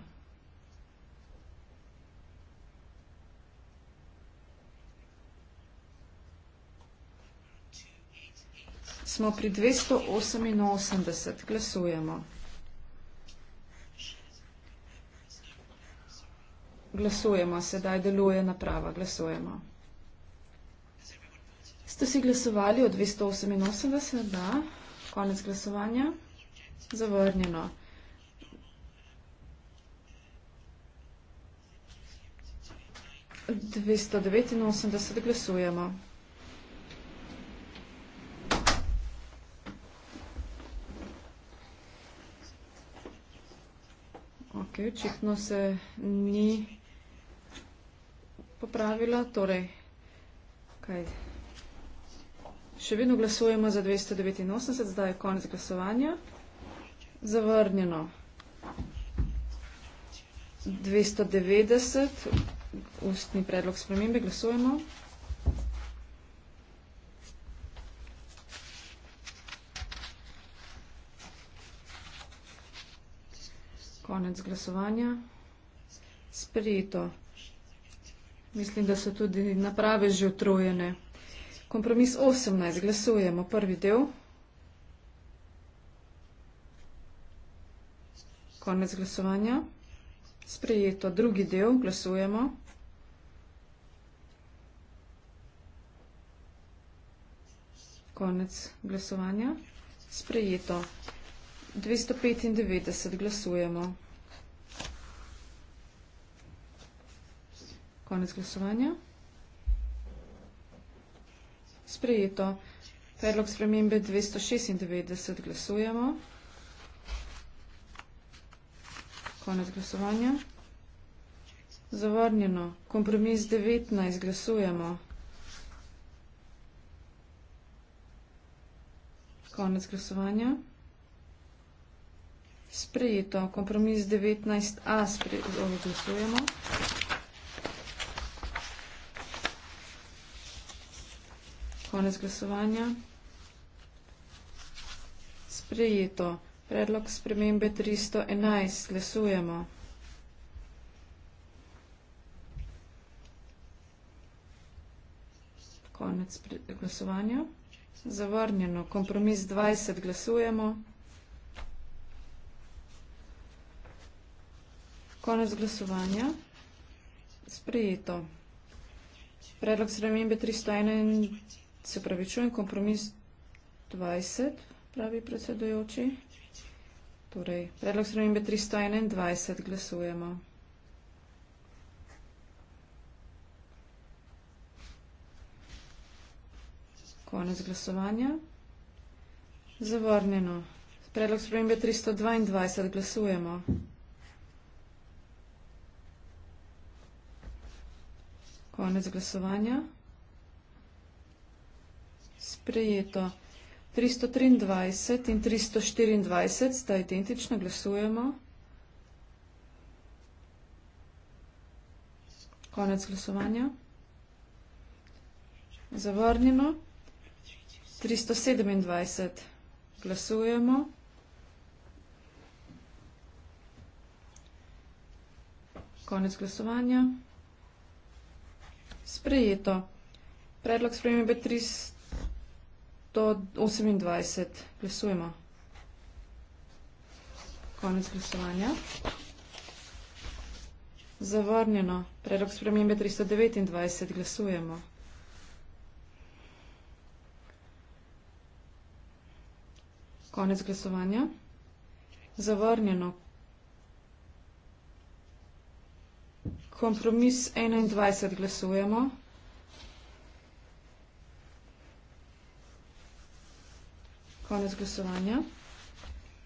Smo pri 288. Glasujemo. Glasujemo, sedaj deluje naprava. Glasujemo. Ste si glasovali od 288, da? Konec glasovanja. Zavrnjeno. Dvesto devetinosemdeset glasujemo. Okej, okay, očitno se ni popravila. Torej, kaj, še vedno glasujemo za 289, zdaj je konec glasovanja. Zavrnjeno. 290, ustni predlog spremembe, glasujemo. Konec glasovanja. Sprejeto. Mislim, da so tudi naprave že utrujene. Kompromis 18. Glasujemo prvi del. Konec glasovanja. Sprejeto drugi del. Glasujemo. Konec glasovanja. Sprejeto. 295 glasujemo. Konec glasovanja. Sprejeto. Predlog spremembe 296. Glasujemo. Konec glasovanja. Zavrnjeno. Kompromis 19. Glasujemo. Konec glasovanja. Sprejeto. Kompromis 19a. Spre... Glasujemo. Konec glasovanja. Sprejeto. Predlog spremembe 311. Glasujemo. Konec glasovanja. Zavrnjeno. Kompromis 20. Glasujemo. Konec glasovanja. Sprejeto. Predlog spremembe 311. Se pravi, čujem kompromis 20, pravi predsedujoči. Torej, predlog spremembe 321 glasujemo. Konec glasovanja. Zavrnjeno. Predlog spremembe 322 glasujemo. Konec glasovanja. Sprejeto. 323 in 324 sta identična, glasujemo. Konec glasovanja. Zavrnimo. 327 glasujemo. Konec glasovanja. Sprejeto. Predlog spremembe 300 do 28 glasujemo. Konec glasovanja. Zavrnjeno. Predlog spremembe 329 glasujemo. Konec glasovanja. Zavrnjeno. Kompromis 21 glasujemo. Konec glasovanja.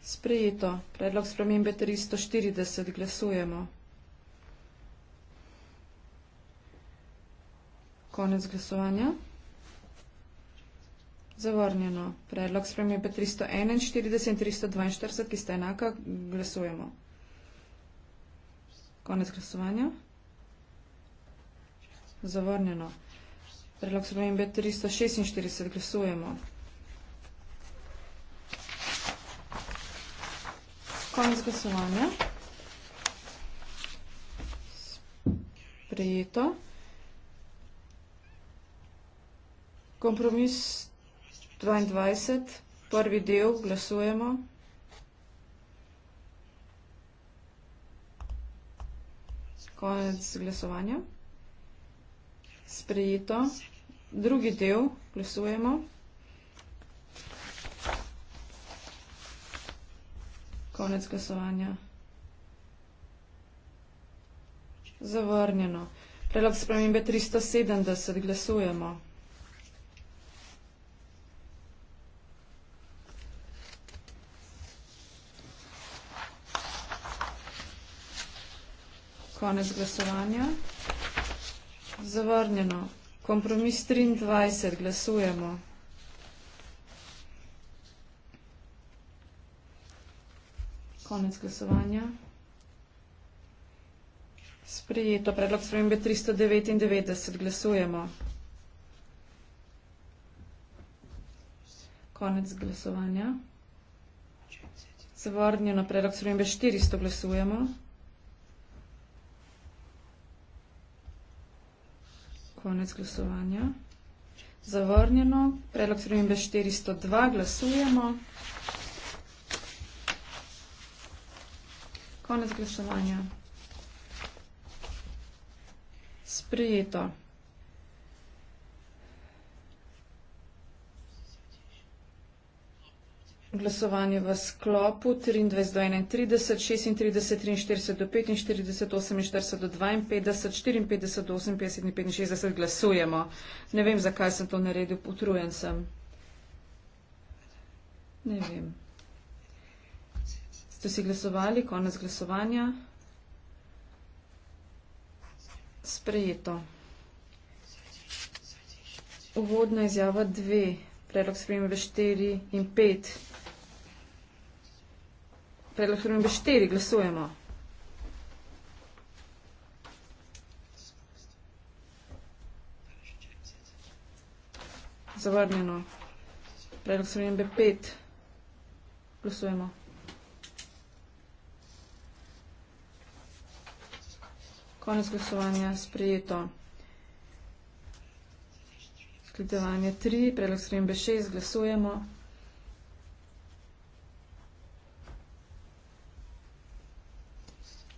Sprejeto. Predlog spremembe 340. Glasujemo. Konec glasovanja. Zavrnjeno. Predlog spremembe 341 in 342, ki sta enaka, glasujemo. Konec glasovanja. Zavrnjeno. Predlog spremembe 346 glasujemo. Konec glasovanja. Prijeto. Kompromis 22, prvi del, glasujemo. Konec glasovanja. Sprejeto. Drugi del, glasujemo. Konec glasovanja. Zavrnjeno. Predlog spremembe 370. Glasujemo. Konec glasovanja. Zavrnjeno. Kompromis 23. Glasujemo. Glasujemo. Konec glasovanja. Sprijeto predlog spremembe 399. Glasujemo. Konec glasovanja. Zavrnjeno na predlog spremembe 400. Glasujemo. Konec glasovanja. Zavrnjeno. Predlog spremembe 402. Glasujemo. Konec glasovanja. Sprejeto. Glasovanje v sklopu 23 do 31, 36, 43 do 45, 48 do 52, 54 do 58 in 65 glasujemo. Ne vem, zakaj sem to naredil, potrujen sem. Ne vem. Ste si glasovali, konec glasovanja? Sprejeto. Uvodna izjava dve, predlog spremembe štiri in pet. Predlog spremembe štiri, glasujemo. Zavrnjeno. Predlog spremembe pet, glasujemo. Konec glasovanja sprejeto. Skladevanje 3, predlog skrembe 6, glasujemo.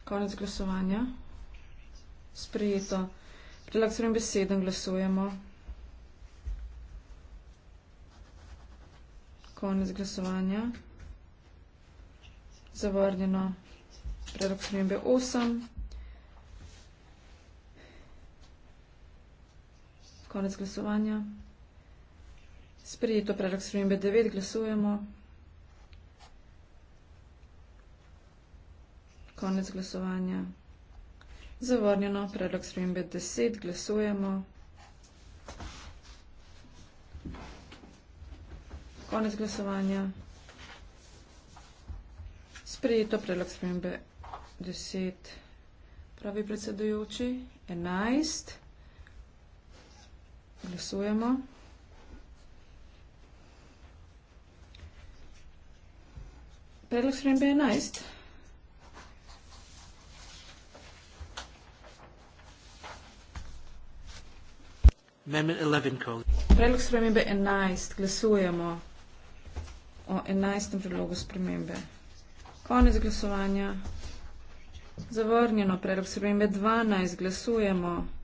Konec glasovanja sprejeto. Predlog skrembe 7, glasujemo. Konec glasovanja. Zavrnjeno. Predlog skrembe 8, glasujemo. Konec glasovanja. Sprejeto predlog spremembe 9. Glasujemo. Konec glasovanja. Zavrnjeno predlog spremembe 10. Glasujemo. Konec glasovanja. Sprejeto predlog spremembe 10. Pravi predsedujoči. 11 glasujemo. Predlog sprem je 11. Predlog spremembe 11. Glasujemo o 11. predlogu spremembe. Konec glasovanja. Zavrnjeno. Predlog spremembe 12. Glasujemo o 11. predlogu spremembe.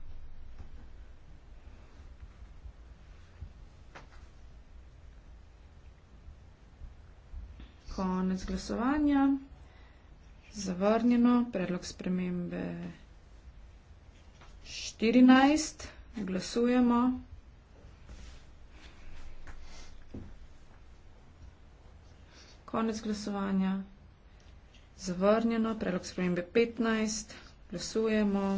konec glasovanja. Zavrnjeno, predlog spremembe 14. Glasujemo. Konec glasovanja. Zavrnjeno, predlog spremembe 15. Glasujemo.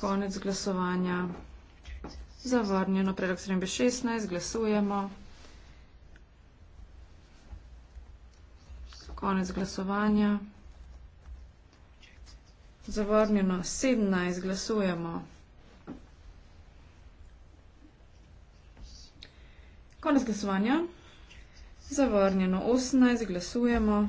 Konec glasovanja. Zavrnjeno predlog 16, glasujemo. Konec glasovanja. Zavrnjeno 17, glasujemo. Konec glasovanja. Zavrnjeno 18, glasujemo.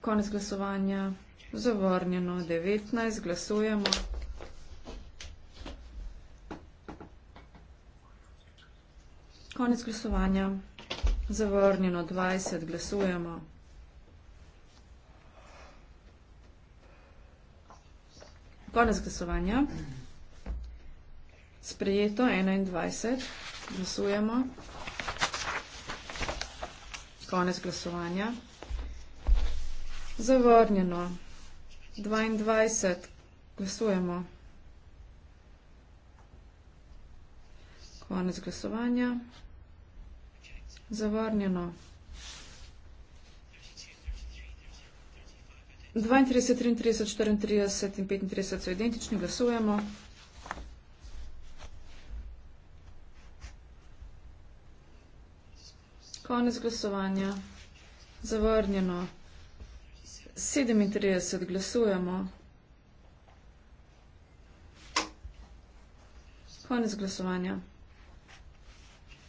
Konec glasovanja. Zavrnjeno 19, glasujemo. Konec glasovanja. Zavrnjeno 20, glasujemo. Konec glasovanja. Sprejeto 21, glasujemo. Konec glasovanja. Zavrnjeno 21 dvaindvajset glasujemo. Konec glasovanja. Zavrnjeno. 32, 33, 34 in 35 so identični, glasujemo. Konec glasovanja. Zavrnjeno. 37 glasujemo. Konec glasovanja.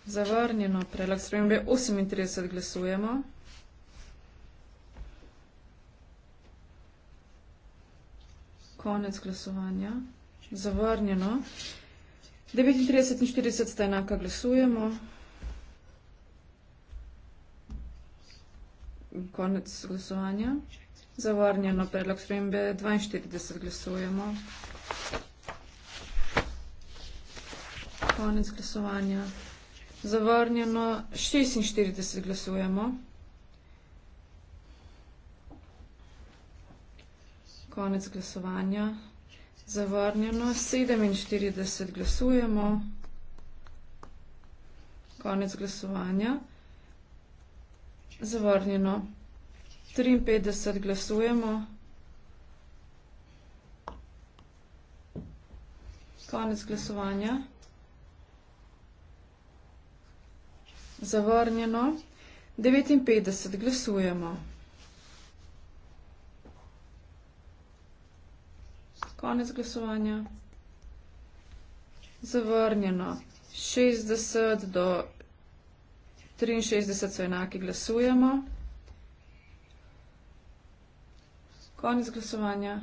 Zavrnjeno, predlog spremembe 38 glasujemo. Konec glasovanja. Zavrnjeno. 39 in 40 sta enaka glasujemo. Konec glasovanja. Zavrnjeno predlog spremembe 42 glasujemo. Konec glasovanja. Zavrnjeno 46 glasujemo. Konec glasovanja. Zavrnjeno 47 glasujemo. Konec glasovanja. Zavrnjeno 53 glasujemo. Konec glasovanja. Zavrnjeno. 59 glasujemo. Konec glasovanja. Zavrnjeno. 60 do 63 so enaki glasujemo. Konec glasovanja.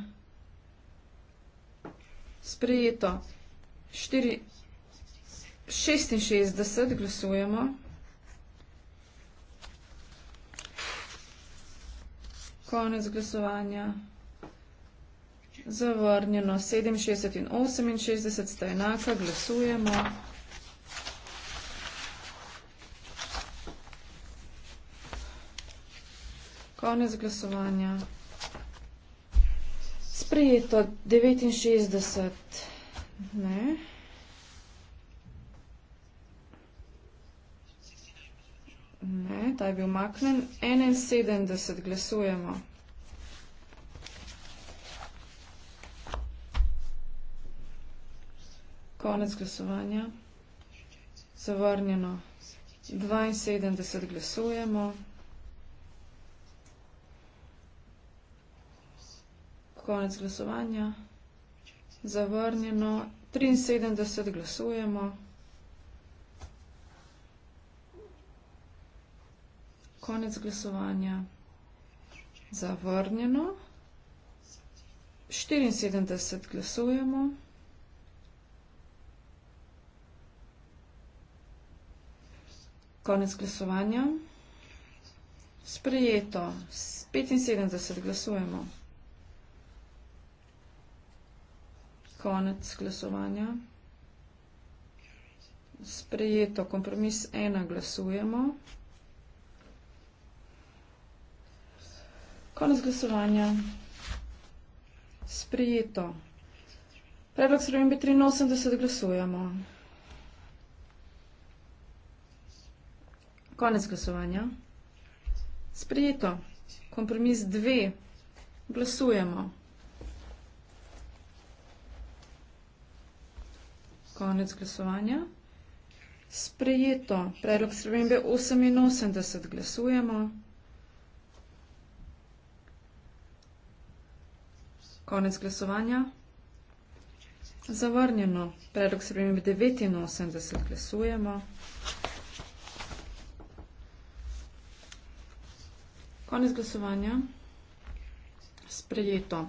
Sprejeto. 4, 66 glasujemo. Konec glasovanja. Zavrnjeno. 67 in 68 sta enaka. Glasujemo. Konec glasovanja sprejeto 69. Ne. ne, ta je bil maknen. 71 glasujemo. Konec glasovanja. Zavrnjeno. 72 glasujemo. konec glasovanja. Zavrnjeno. 73 glasujemo. Konec glasovanja. Zavrnjeno. 74 glasujemo. Konec glasovanja. Sprejeto. 75 glasujemo. konec glasovanja. Sprejeto kompromis ena glasujemo. Konec glasovanja. Sprejeto. Predlog spremembe 83 glasujemo. Konec glasovanja. Sprejeto. Kompromis dve glasujemo. Konec glasovanja. Sprejeto. Predlog spremembe 88 glasujemo. Konec glasovanja. Zavrnjeno. Predlog spremembe 89 glasujemo. Konec glasovanja. Sprejeto.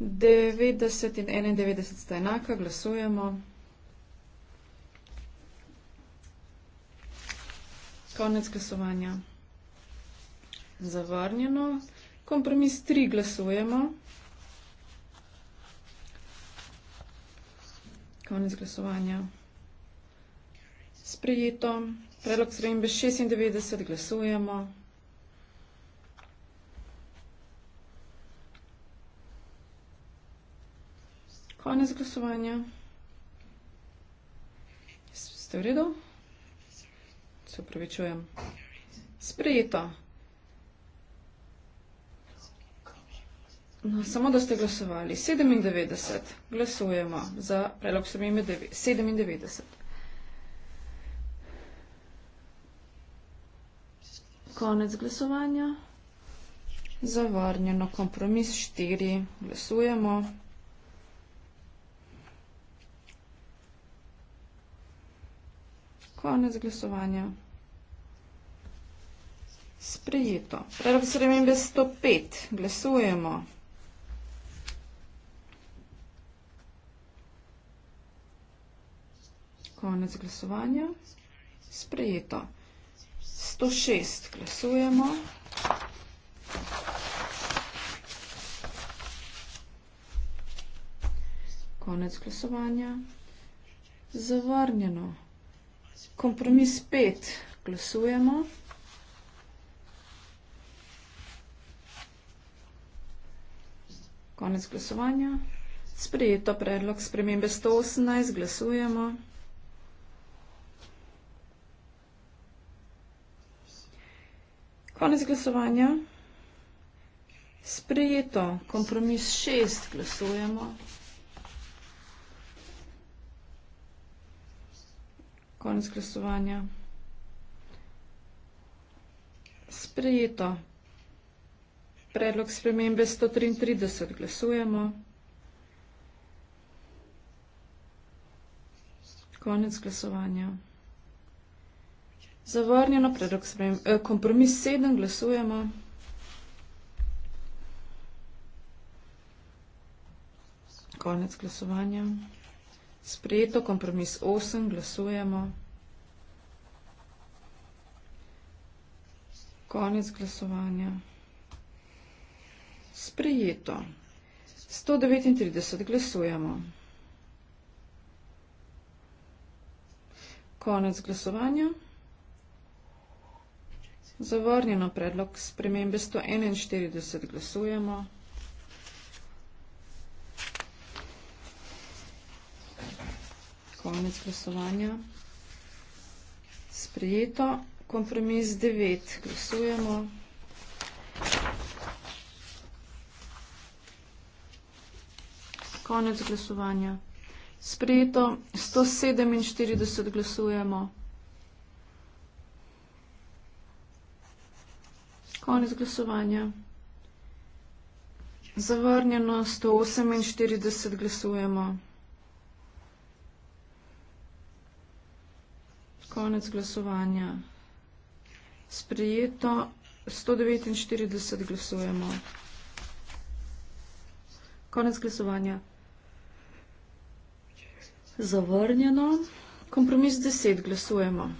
90 in 91 sta enaka, glasujemo. Konec glasovanja. Zavrnjeno. Kompromis 3 glasujemo. Konec glasovanja. Sprejeto. Predlog srembe 96 glasujemo. Konec glasovanja. Ste v redu? se upravičujem. Sprejeto. No, samo da ste glasovali. 97. Glasujemo za predlog spremembe 97. Konec glasovanja. Zavarnjeno kompromis 4. Glasujemo. Konec glasovanja sprejeto. Predlog spremembe 105. Glasujemo. Konec glasovanja. Sprejeto. 106. Glasujemo. Konec glasovanja. Zavrnjeno. Kompromis 5. Glasujemo. Glasujemo. Konec glasovanja. Sprejeto predlog spremembe 118. Glasujemo. Konec glasovanja. Sprejeto kompromis 6. Glasujemo. Konec glasovanja. Sprejeto Predlog spremembe 133. Glasujemo. Konec glasovanja. Zavrnjeno predlog spremembe. Eh, kompromis 7. Glasujemo. Konec glasovanja. Sprejeto. Kompromis 8. Glasujemo. Konec glasovanja. Sprejeto. 139 glasujemo. Konec glasovanja. Zavrnjeno predlog spremembe 141 glasujemo. Konec glasovanja. Sprejeto. Kompromis 9 glasujemo. Glasujemo. konec glasovanja. Sprejeto 147 glasujemo. Konec glasovanja. Zavrnjeno 148 glasujemo. Konec glasovanja. Sprejeto 149 glasujemo. Konec glasovanja. Zavrnjeno. Kompromis 10. Glasujemo.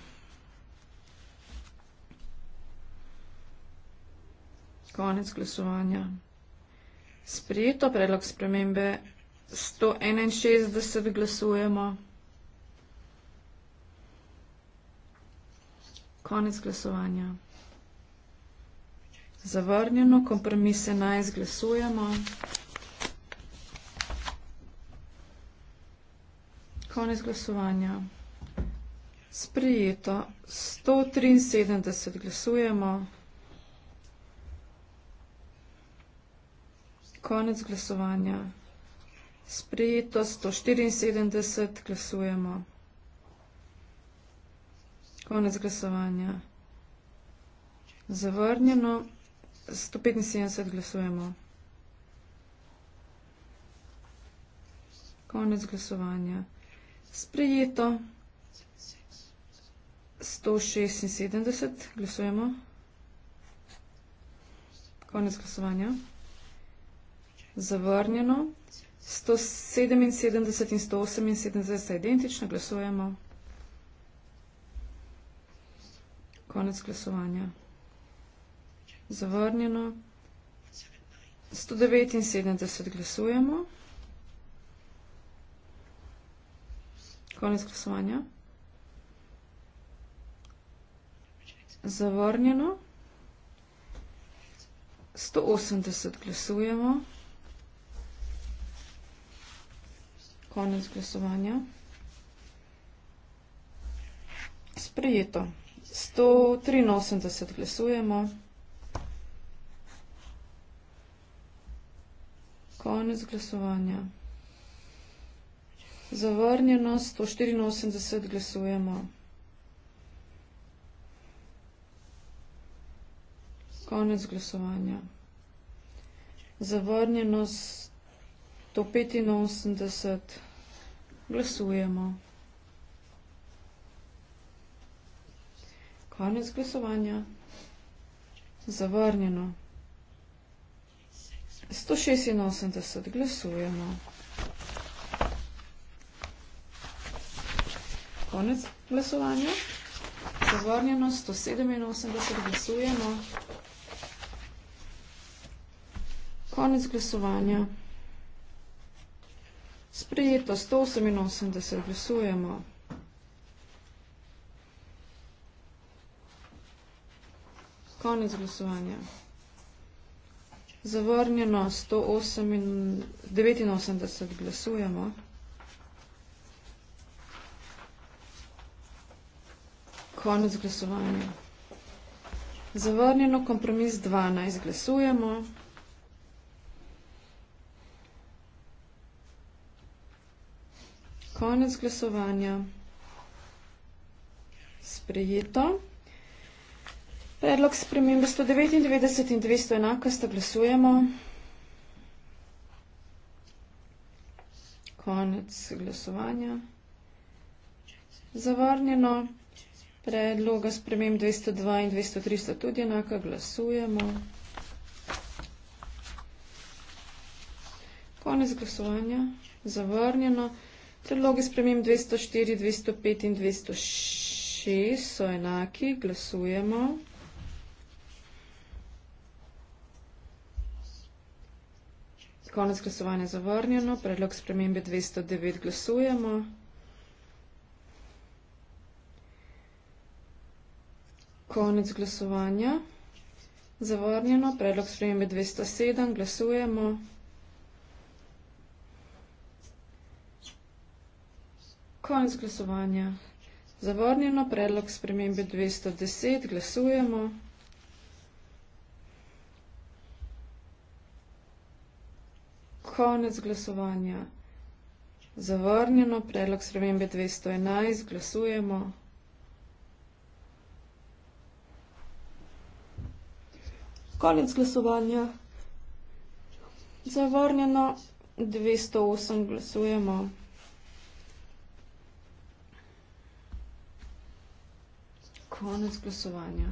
Konec glasovanja. Sprejeto predlog spremembe. 161 glasujemo. Konec glasovanja. Zavrnjeno. Kompromis 11. Glasujemo. Zavrnjeno. Konec glasovanja. Sprijeto. 173 glasujemo. Konec glasovanja. Sprijeto. 174 glasujemo. Konec glasovanja. Zavrnjeno. 175 glasujemo. Konec glasovanja. Sprejeto. 176, glasujemo. Konec glasovanja. Zavrnjeno. 177 in 178 sta identična, glasujemo. Konec glasovanja. Zavrnjeno. 179 glasujemo. Konec glasovanja. Zavrnjeno. 180 glasujemo. Konec glasovanja. Sprejeto. 183 glasujemo. Konec glasovanja zavrnjeno 184 glasujemo. Konec glasovanja. Zavrnjeno 185 glasujemo. Konec glasovanja. Zavrnjeno 186 glasujemo. konec glasovanja. Zavrnjeno 187 glasujemo. Konec glasovanja. Sprejeto 188 glasujemo. Konec glasovanja. Zavrnjeno 189 glasujemo. konec glasovanja. Zavrnjeno kompromis 12. Glasujemo. Konec glasovanja. Sprejeto. Predlog spremembe 199 in 200 enaka sta glasujemo. Konec glasovanja. Zavrnjeno predloga sprememb 202 in 203 tudi enaka, glasujemo. Konec glasovanja, zavrnjeno. Predlogi sprememb 204, 205 in 206 so enaki, glasujemo. Konec glasovanja zavrnjeno, predlog spremembe 209 glasujemo. Konec glasovanja. Zavrnjeno, predlog spremembe 207, glasujemo. Konec glasovanja. Zavrnjeno, predlog spremembe 210, glasujemo. Konec glasovanja. Zavrnjeno, predlog spremembe 211, glasujemo. Konec glasovanja. Zavrnjeno 208 glasujemo. Konec glasovanja.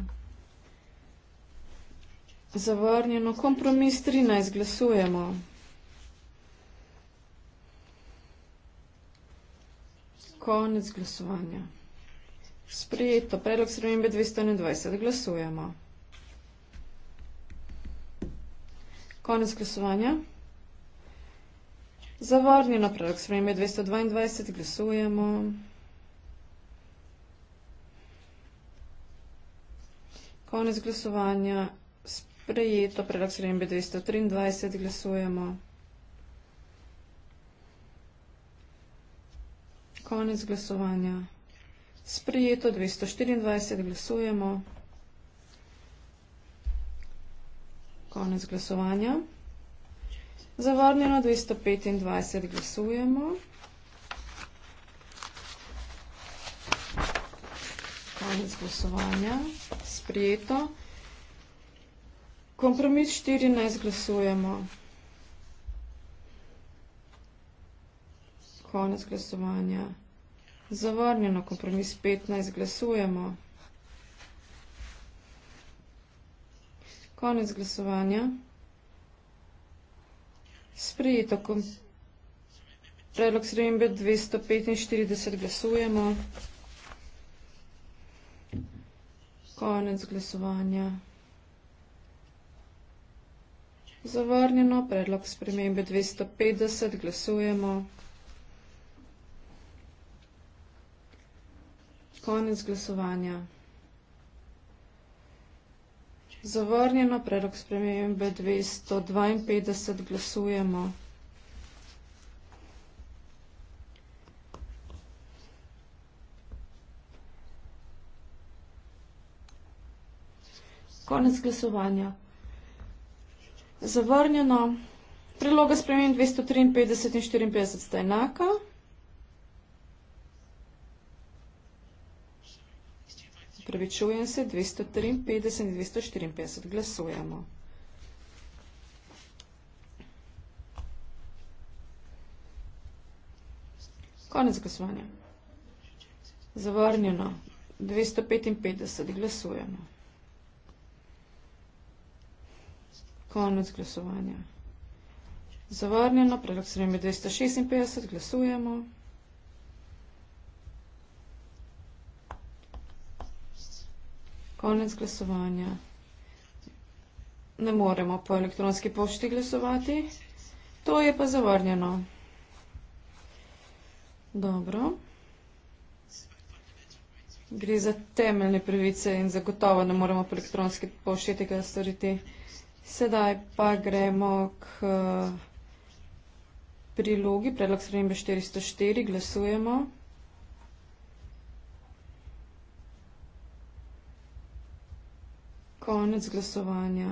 Zavrnjeno kompromis 13 glasujemo. Konec glasovanja. Sprejeto predlog sremembe 221 glasujemo. Konec glasovanja. Zavrnjeno predlog sprejme 222. Glasujemo. Konec glasovanja. Sprejeto predlog sprejme 223. Glasujemo. Konec glasovanja. Sprejeto 224. Glasujemo. Konec glasovanja. Zavrnjeno 225 glasujemo. Konec glasovanja. Sprijeto. Kompromis 14 glasujemo. Konec glasovanja. Zavrnjeno kompromis 15 glasujemo. Konec glasovanja. Sprejeto. Predlog sprejembe 245 glasujemo. Konec glasovanja. Zavrnjeno. Predlog sprejembe 250 glasujemo. Konec glasovanja. Zavrnjeno, predlog spremembe 252, glasujemo. Konec glasovanja. Zavrnjeno, predloga spremembe 253 in 54 sta enaka. Prevečujem se 253 in 254. Glasujemo. Konec glasovanja. Zavrnjeno. 255. Glasujemo. Konec glasovanja. Zavrnjeno. Predlog sremi 256. Glasujemo. Glasujemo. Konec glasovanja. Ne moremo po elektronski pošti glasovati. To je pa zavrnjeno. Dobro. Gre za temeljne pravice in zagotovo ne moremo po elektronski pošti tega storiti. Sedaj pa gremo k eh, prilogi, predlog sprememba 404, glasujemo. Konec glasovanja.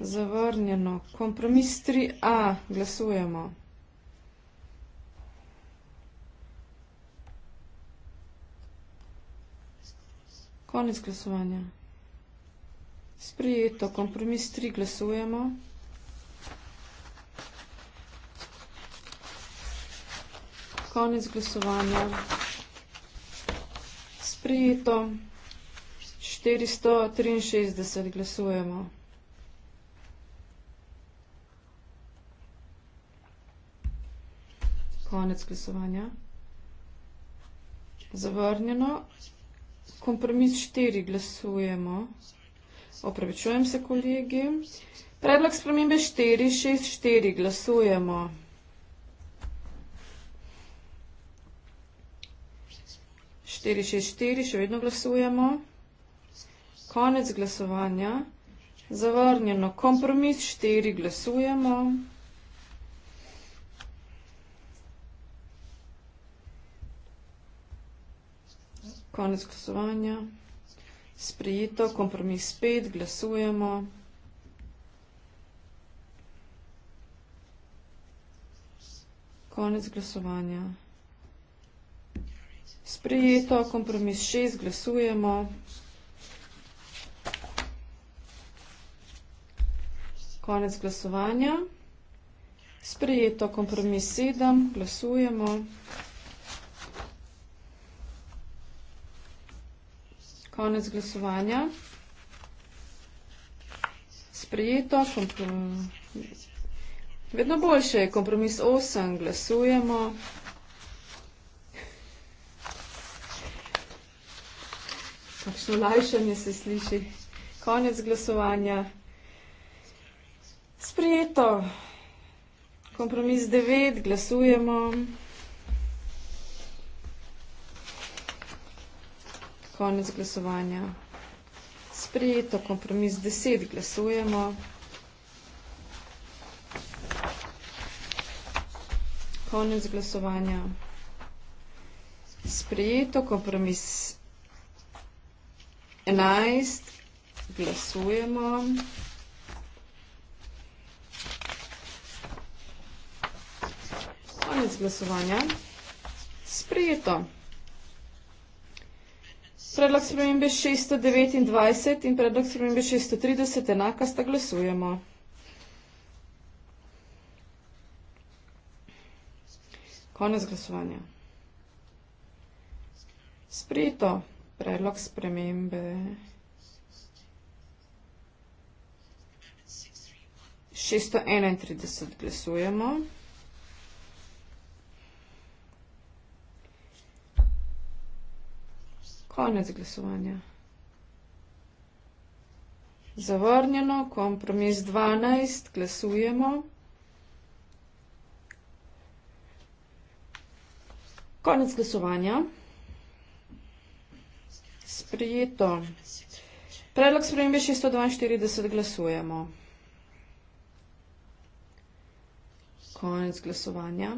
Zavrnjeno. Kompromis 3a. Glasujemo. Konec glasovanja. Sprijeto. Kompromis 3 glasujemo. Konec glasovanja. Sprijeto. Sprijeto. 463 glasujemo. Konec glasovanja. Zavrnjeno. Kompromis 4 glasujemo. Opravičujem se, kolegi. Predlog spremembe 464 glasujemo. Štiri, šest, štiri, še vedno glasujemo konec glasovanja, zavrnjeno kompromis, štiri glasujemo. Konec glasovanja, sprejito, kompromis pet, glasujemo. Konec glasovanja, sprejito, kompromis šest, glasujemo. Konec glasovanja. Konec glasovanja. Sprejeto kompromis 7. Glasujemo. Konec glasovanja. Sprejeto kompromis. Vedno boljše je kompromis 8. Glasujemo. Kakšno lajšanje se sliši. Konec glasovanja. Sprijeto. Kompromis 9, glasujemo. Konec glasovanja. Sprijeto, kompromis 10, glasujemo. Konec glasovanja. Sprijeto, kompromis 11, glasujemo. Glasujemo. konec glasovanja. Sprejeto. Predlog spremembe 629 in predlog spremembe 630 enaka sta glasujemo. Konec glasovanja. Sprejeto. Predlog spremembe 631 glasujemo. Konec glasovanja. Zavrnjeno, kompromis 12, glasujemo. Konec glasovanja. Sprijeto. Predlog spremembe 642, glasujemo. Konec glasovanja.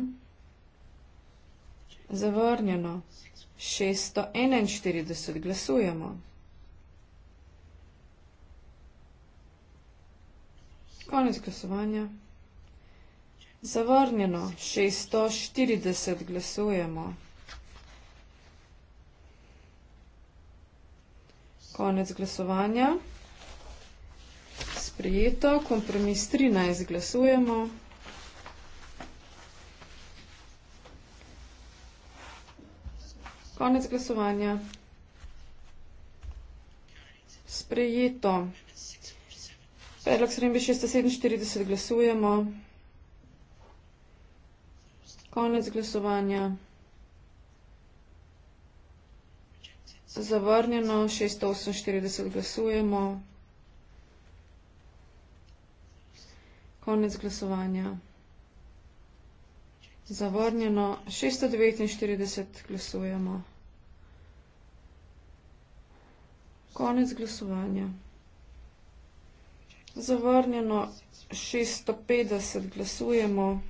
Zavrnjeno. 641 glasujemo. Konec glasovanja. Zavrnjeno 640 glasujemo. Konec glasovanja. Sprijeto, kompromis 13 glasujemo. Konec glasovanja. Sprejeto. Predlog srembi 647 glasujemo. Konec glasovanja. Zavrnjeno 648 glasujemo. Konec glasovanja. Zavrnjeno 649 glasujemo. Konec glasovanja. Zavrnjeno 650 glasujemo.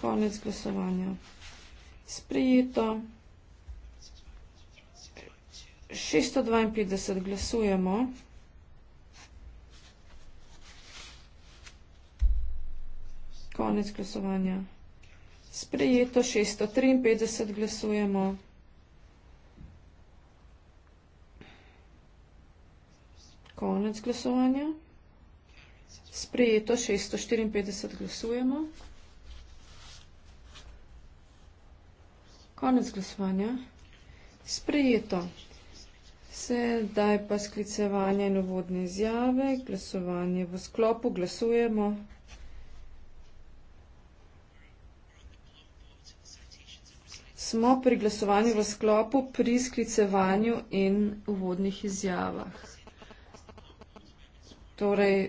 Konec glasovanja. Sprejeto. 652 glasujemo. konec glasovanja. Sprejeto 653 glasujemo. Konec glasovanja. Sprejeto 654 glasujemo. Konec glasovanja. Sprejeto. Sedaj pa sklicevanje in uvodne izjave. Glasovanje v sklopu. Glasujemo. smo pri glasovanju v sklopu, pri sklicevanju in uvodnih izjavah. Torej,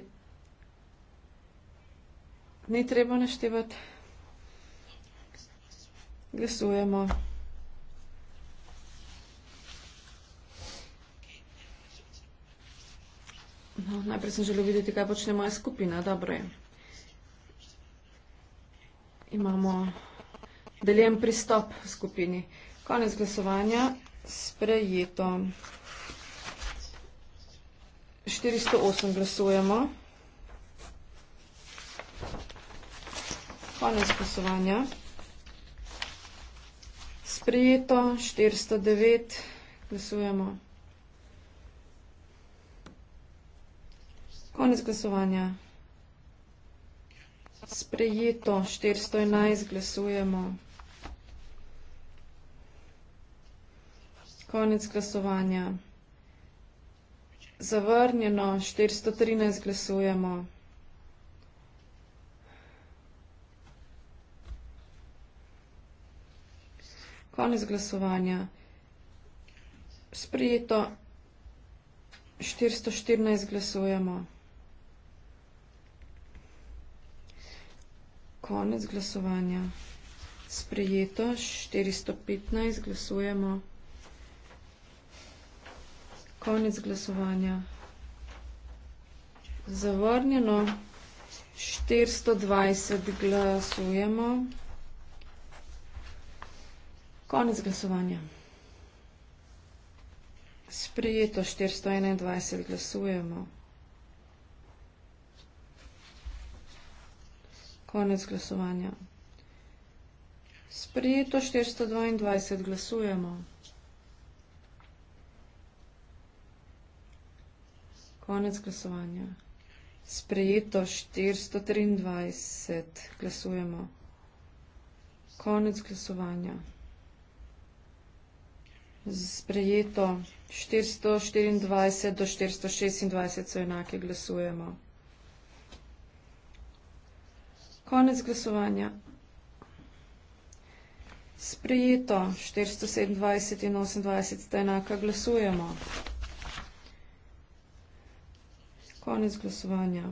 ni treba naštevati. Glasujemo. No, najprej sem želel videti, kaj počne moja skupina. Dobro je. Imamo deljen pristop v skupini. Konec glasovanja sprejeto. 408 glasujemo. Konec glasovanja. Sprejeto 409 glasujemo. Konec glasovanja. Sprejeto 411 glasujemo. Konec glasovanja. Zavrnjeno 413 glasujemo. Konec glasovanja. Sprijeto 414 glasujemo. Konec glasovanja. Sprijeto 415 glasujemo. Konec glasovanja. Zavrnjeno. 420 glasujemo. Konec glasovanja. Sprejeto 421 glasujemo. Konec glasovanja. Sprejeto 422 glasujemo. Konec glasovanja. Sprejeto 423. Glasujemo. Konec glasovanja. Sprejeto 424 do 426 so enake glasujemo. Konec glasovanja. Sprejeto 427 in 28 sta enaka glasujemo konec glasovanja.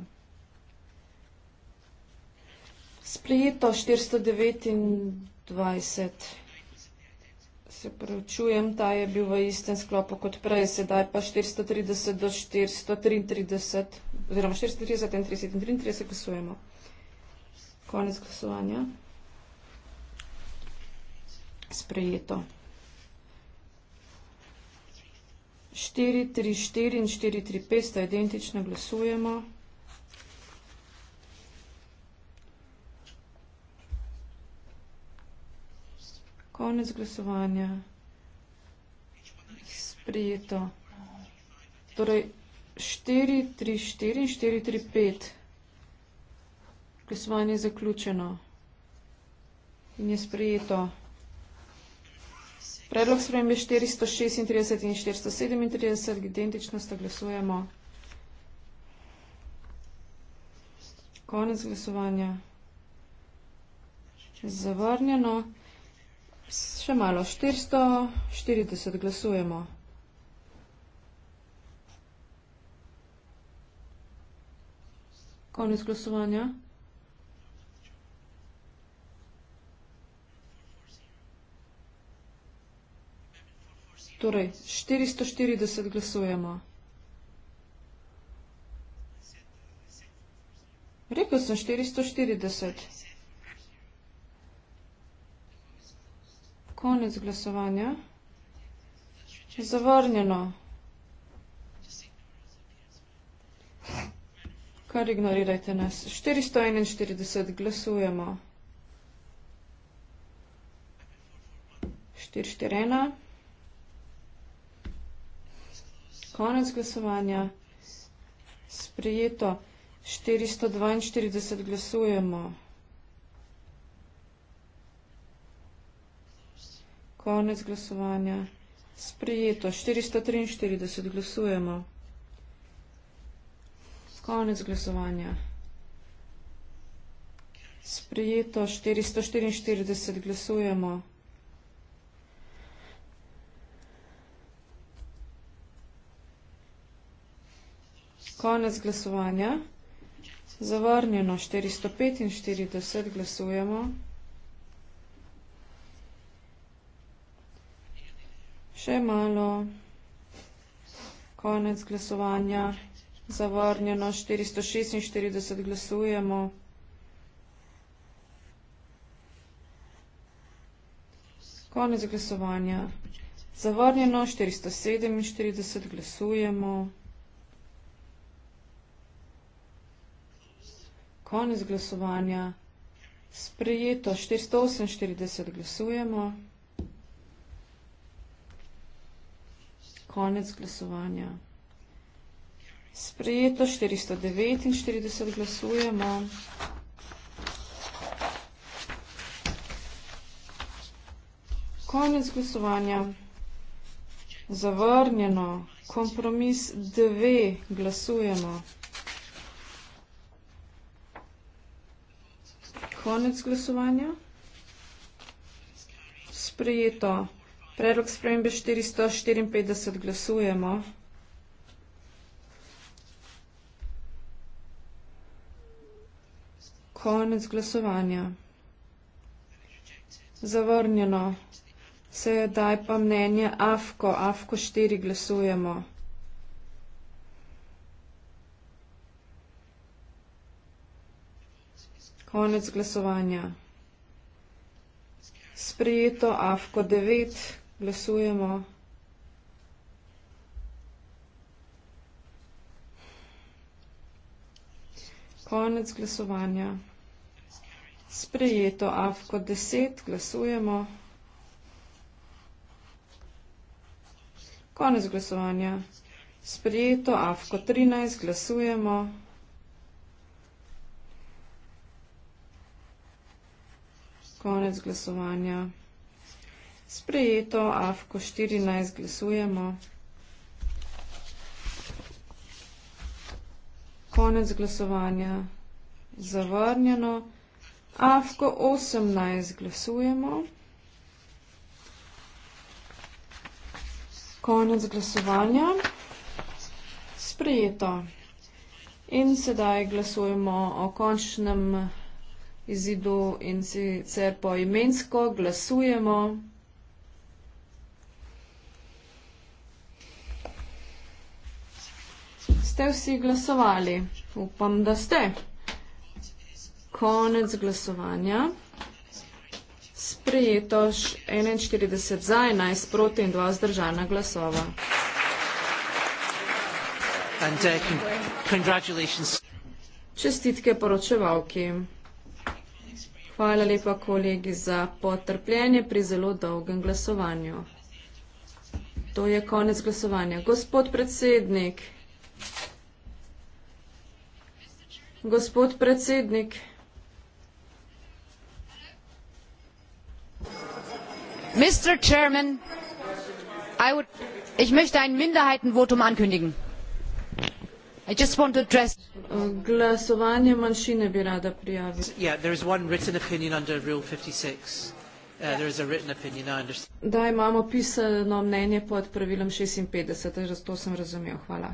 Sprejeto 429. Se pravčujem, ta je bil v istem sklopu kot prej, sedaj pa 430 do 433, oziroma 430, 31 in 33 glasujemo. Konec glasovanja. Sprejeto. 4, 3, 4 in 4, 3, 5 sta identična, glasujemo. Konec glasovanja. Sprijeto. Torej, 4, 3, 4 in 4, 3, 5. Glasovanje je zaključeno in je sprijeto. Predlog spremembe 436 in 437, identično sta glasujemo. Konec glasovanja. Zavrnjeno. Še malo, 440 glasujemo. Konec glasovanja. Torej, 440 glasujemo. Rekel sem 440. Konec glasovanja. Zavrnjeno. Kar ignorirajte nas. 441 glasujemo. 441. konec glasovanja. Sprejeto. 442 glasujemo. Konec glasovanja. Sprejeto. 443 glasujemo. Konec glasovanja. Sprejeto. 444 glasujemo. konec glasovanja. Zavrnjeno 445 glasujemo. Še malo. Konec glasovanja. Zavrnjeno 446 glasujemo. Konec glasovanja. Zavrnjeno 447 glasujemo. konec glasovanja, sprejeto 448 glasujemo, konec glasovanja, sprejeto 449 glasujemo, konec glasovanja, zavrnjeno, kompromis 2 glasujemo, konec glasovanja, konec glasovanja. Sprejeto. Predlog spremembe 454 glasujemo. Konec glasovanja. Zavrnjeno. Se daj pa mnenje AFKO. AFKO 4 glasujemo. Konec glasovanja. Sprejeto AFKO 9, glasujemo. Konec glasovanja. Sprejeto AFKO 10, glasujemo. Konec glasovanja. Sprejeto AFKO 13, glasujemo. konec glasovanja. Sprejeto, AFKO 14 glasujemo. Konec glasovanja zavrnjeno. AFKO 18 glasujemo. Konec glasovanja. Sprejeto. In sedaj glasujemo o končnem glasovanju izidu in sicer po imensko glasujemo. Ste vsi glasovali? Upam, da ste. Konec glasovanja. Sprejeto 41 za 11 proti in 2 zdržana glasova. And, uh, congratulations. Čestitke poročevalki. Hvala lepa kolegi za potrpljenje pri zelo dolgem glasovanju. To je konec glasovanja. Gospod predsednik. Gospod predsednik. Mr. Chairman, I would, ich möchte ein Minderheitenvotum ankündigen. I just want to address. Glasovanje manjšine bi rada prijavila. Yeah, there is one written opinion under Rule 56. Uh, yeah. There is a written opinion, I understand. Da imamo pisano mnenje pod pravilom 56, da torej to sem razumel. Hvala.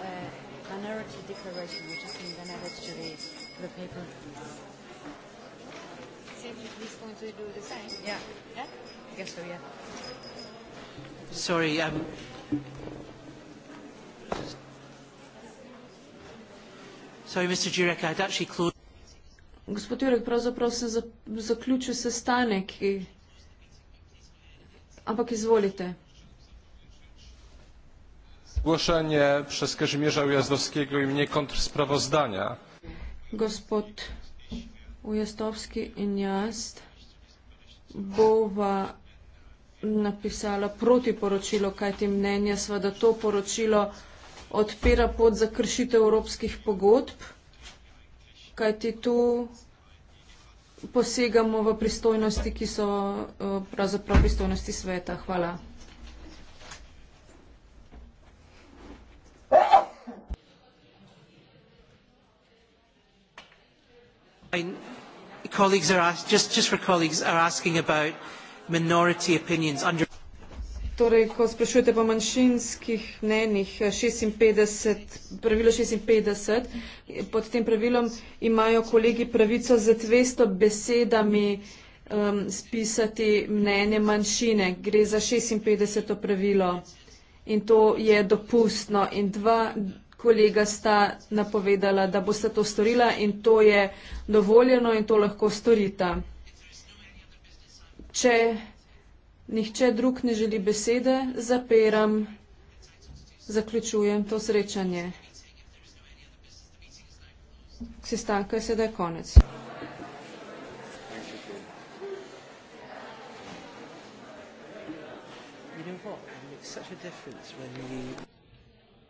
Uh, minority declaration, which is in the next to the paper same. Yeah. Yeah? I guess so, yeah. Sorry, um, sorry Mr. Jurek, I'd actually closed. Gospod Jurek, pravzaprav sem za, zaključil sestanek, ki... ampak izvolite. Zgłoszenje przez Kazimierza Ujazdowskiego i mnie kontrsprawozdania. Gospod Ujastovski in jaz bova napisala protiporočilo, kaj ti mnenja sva, da to poročilo odpira pot za kršitev evropskih pogodb, kaj ti tu posegamo v pristojnosti, ki so eh, pravzaprav pristojnosti sveta. Hvala. In colleagues are ask, just, just for colleagues are asking about minority opinions under Torej, ko sprašujete po manjšinskih mnenjih, eh, pravilo 56, pod tem pravilom imajo kolegi pravico z 200 besedami um, spisati mnenje manjšine. Gre za 56 pravilo in to je dopustno. In dva, kolega sta napovedala, da boste to storila in to je dovoljeno in to lahko storita. Če nihče drug ne želi besede, zapiram, zaključujem to srečanje. Sestanka je sedaj konec. such a difference when you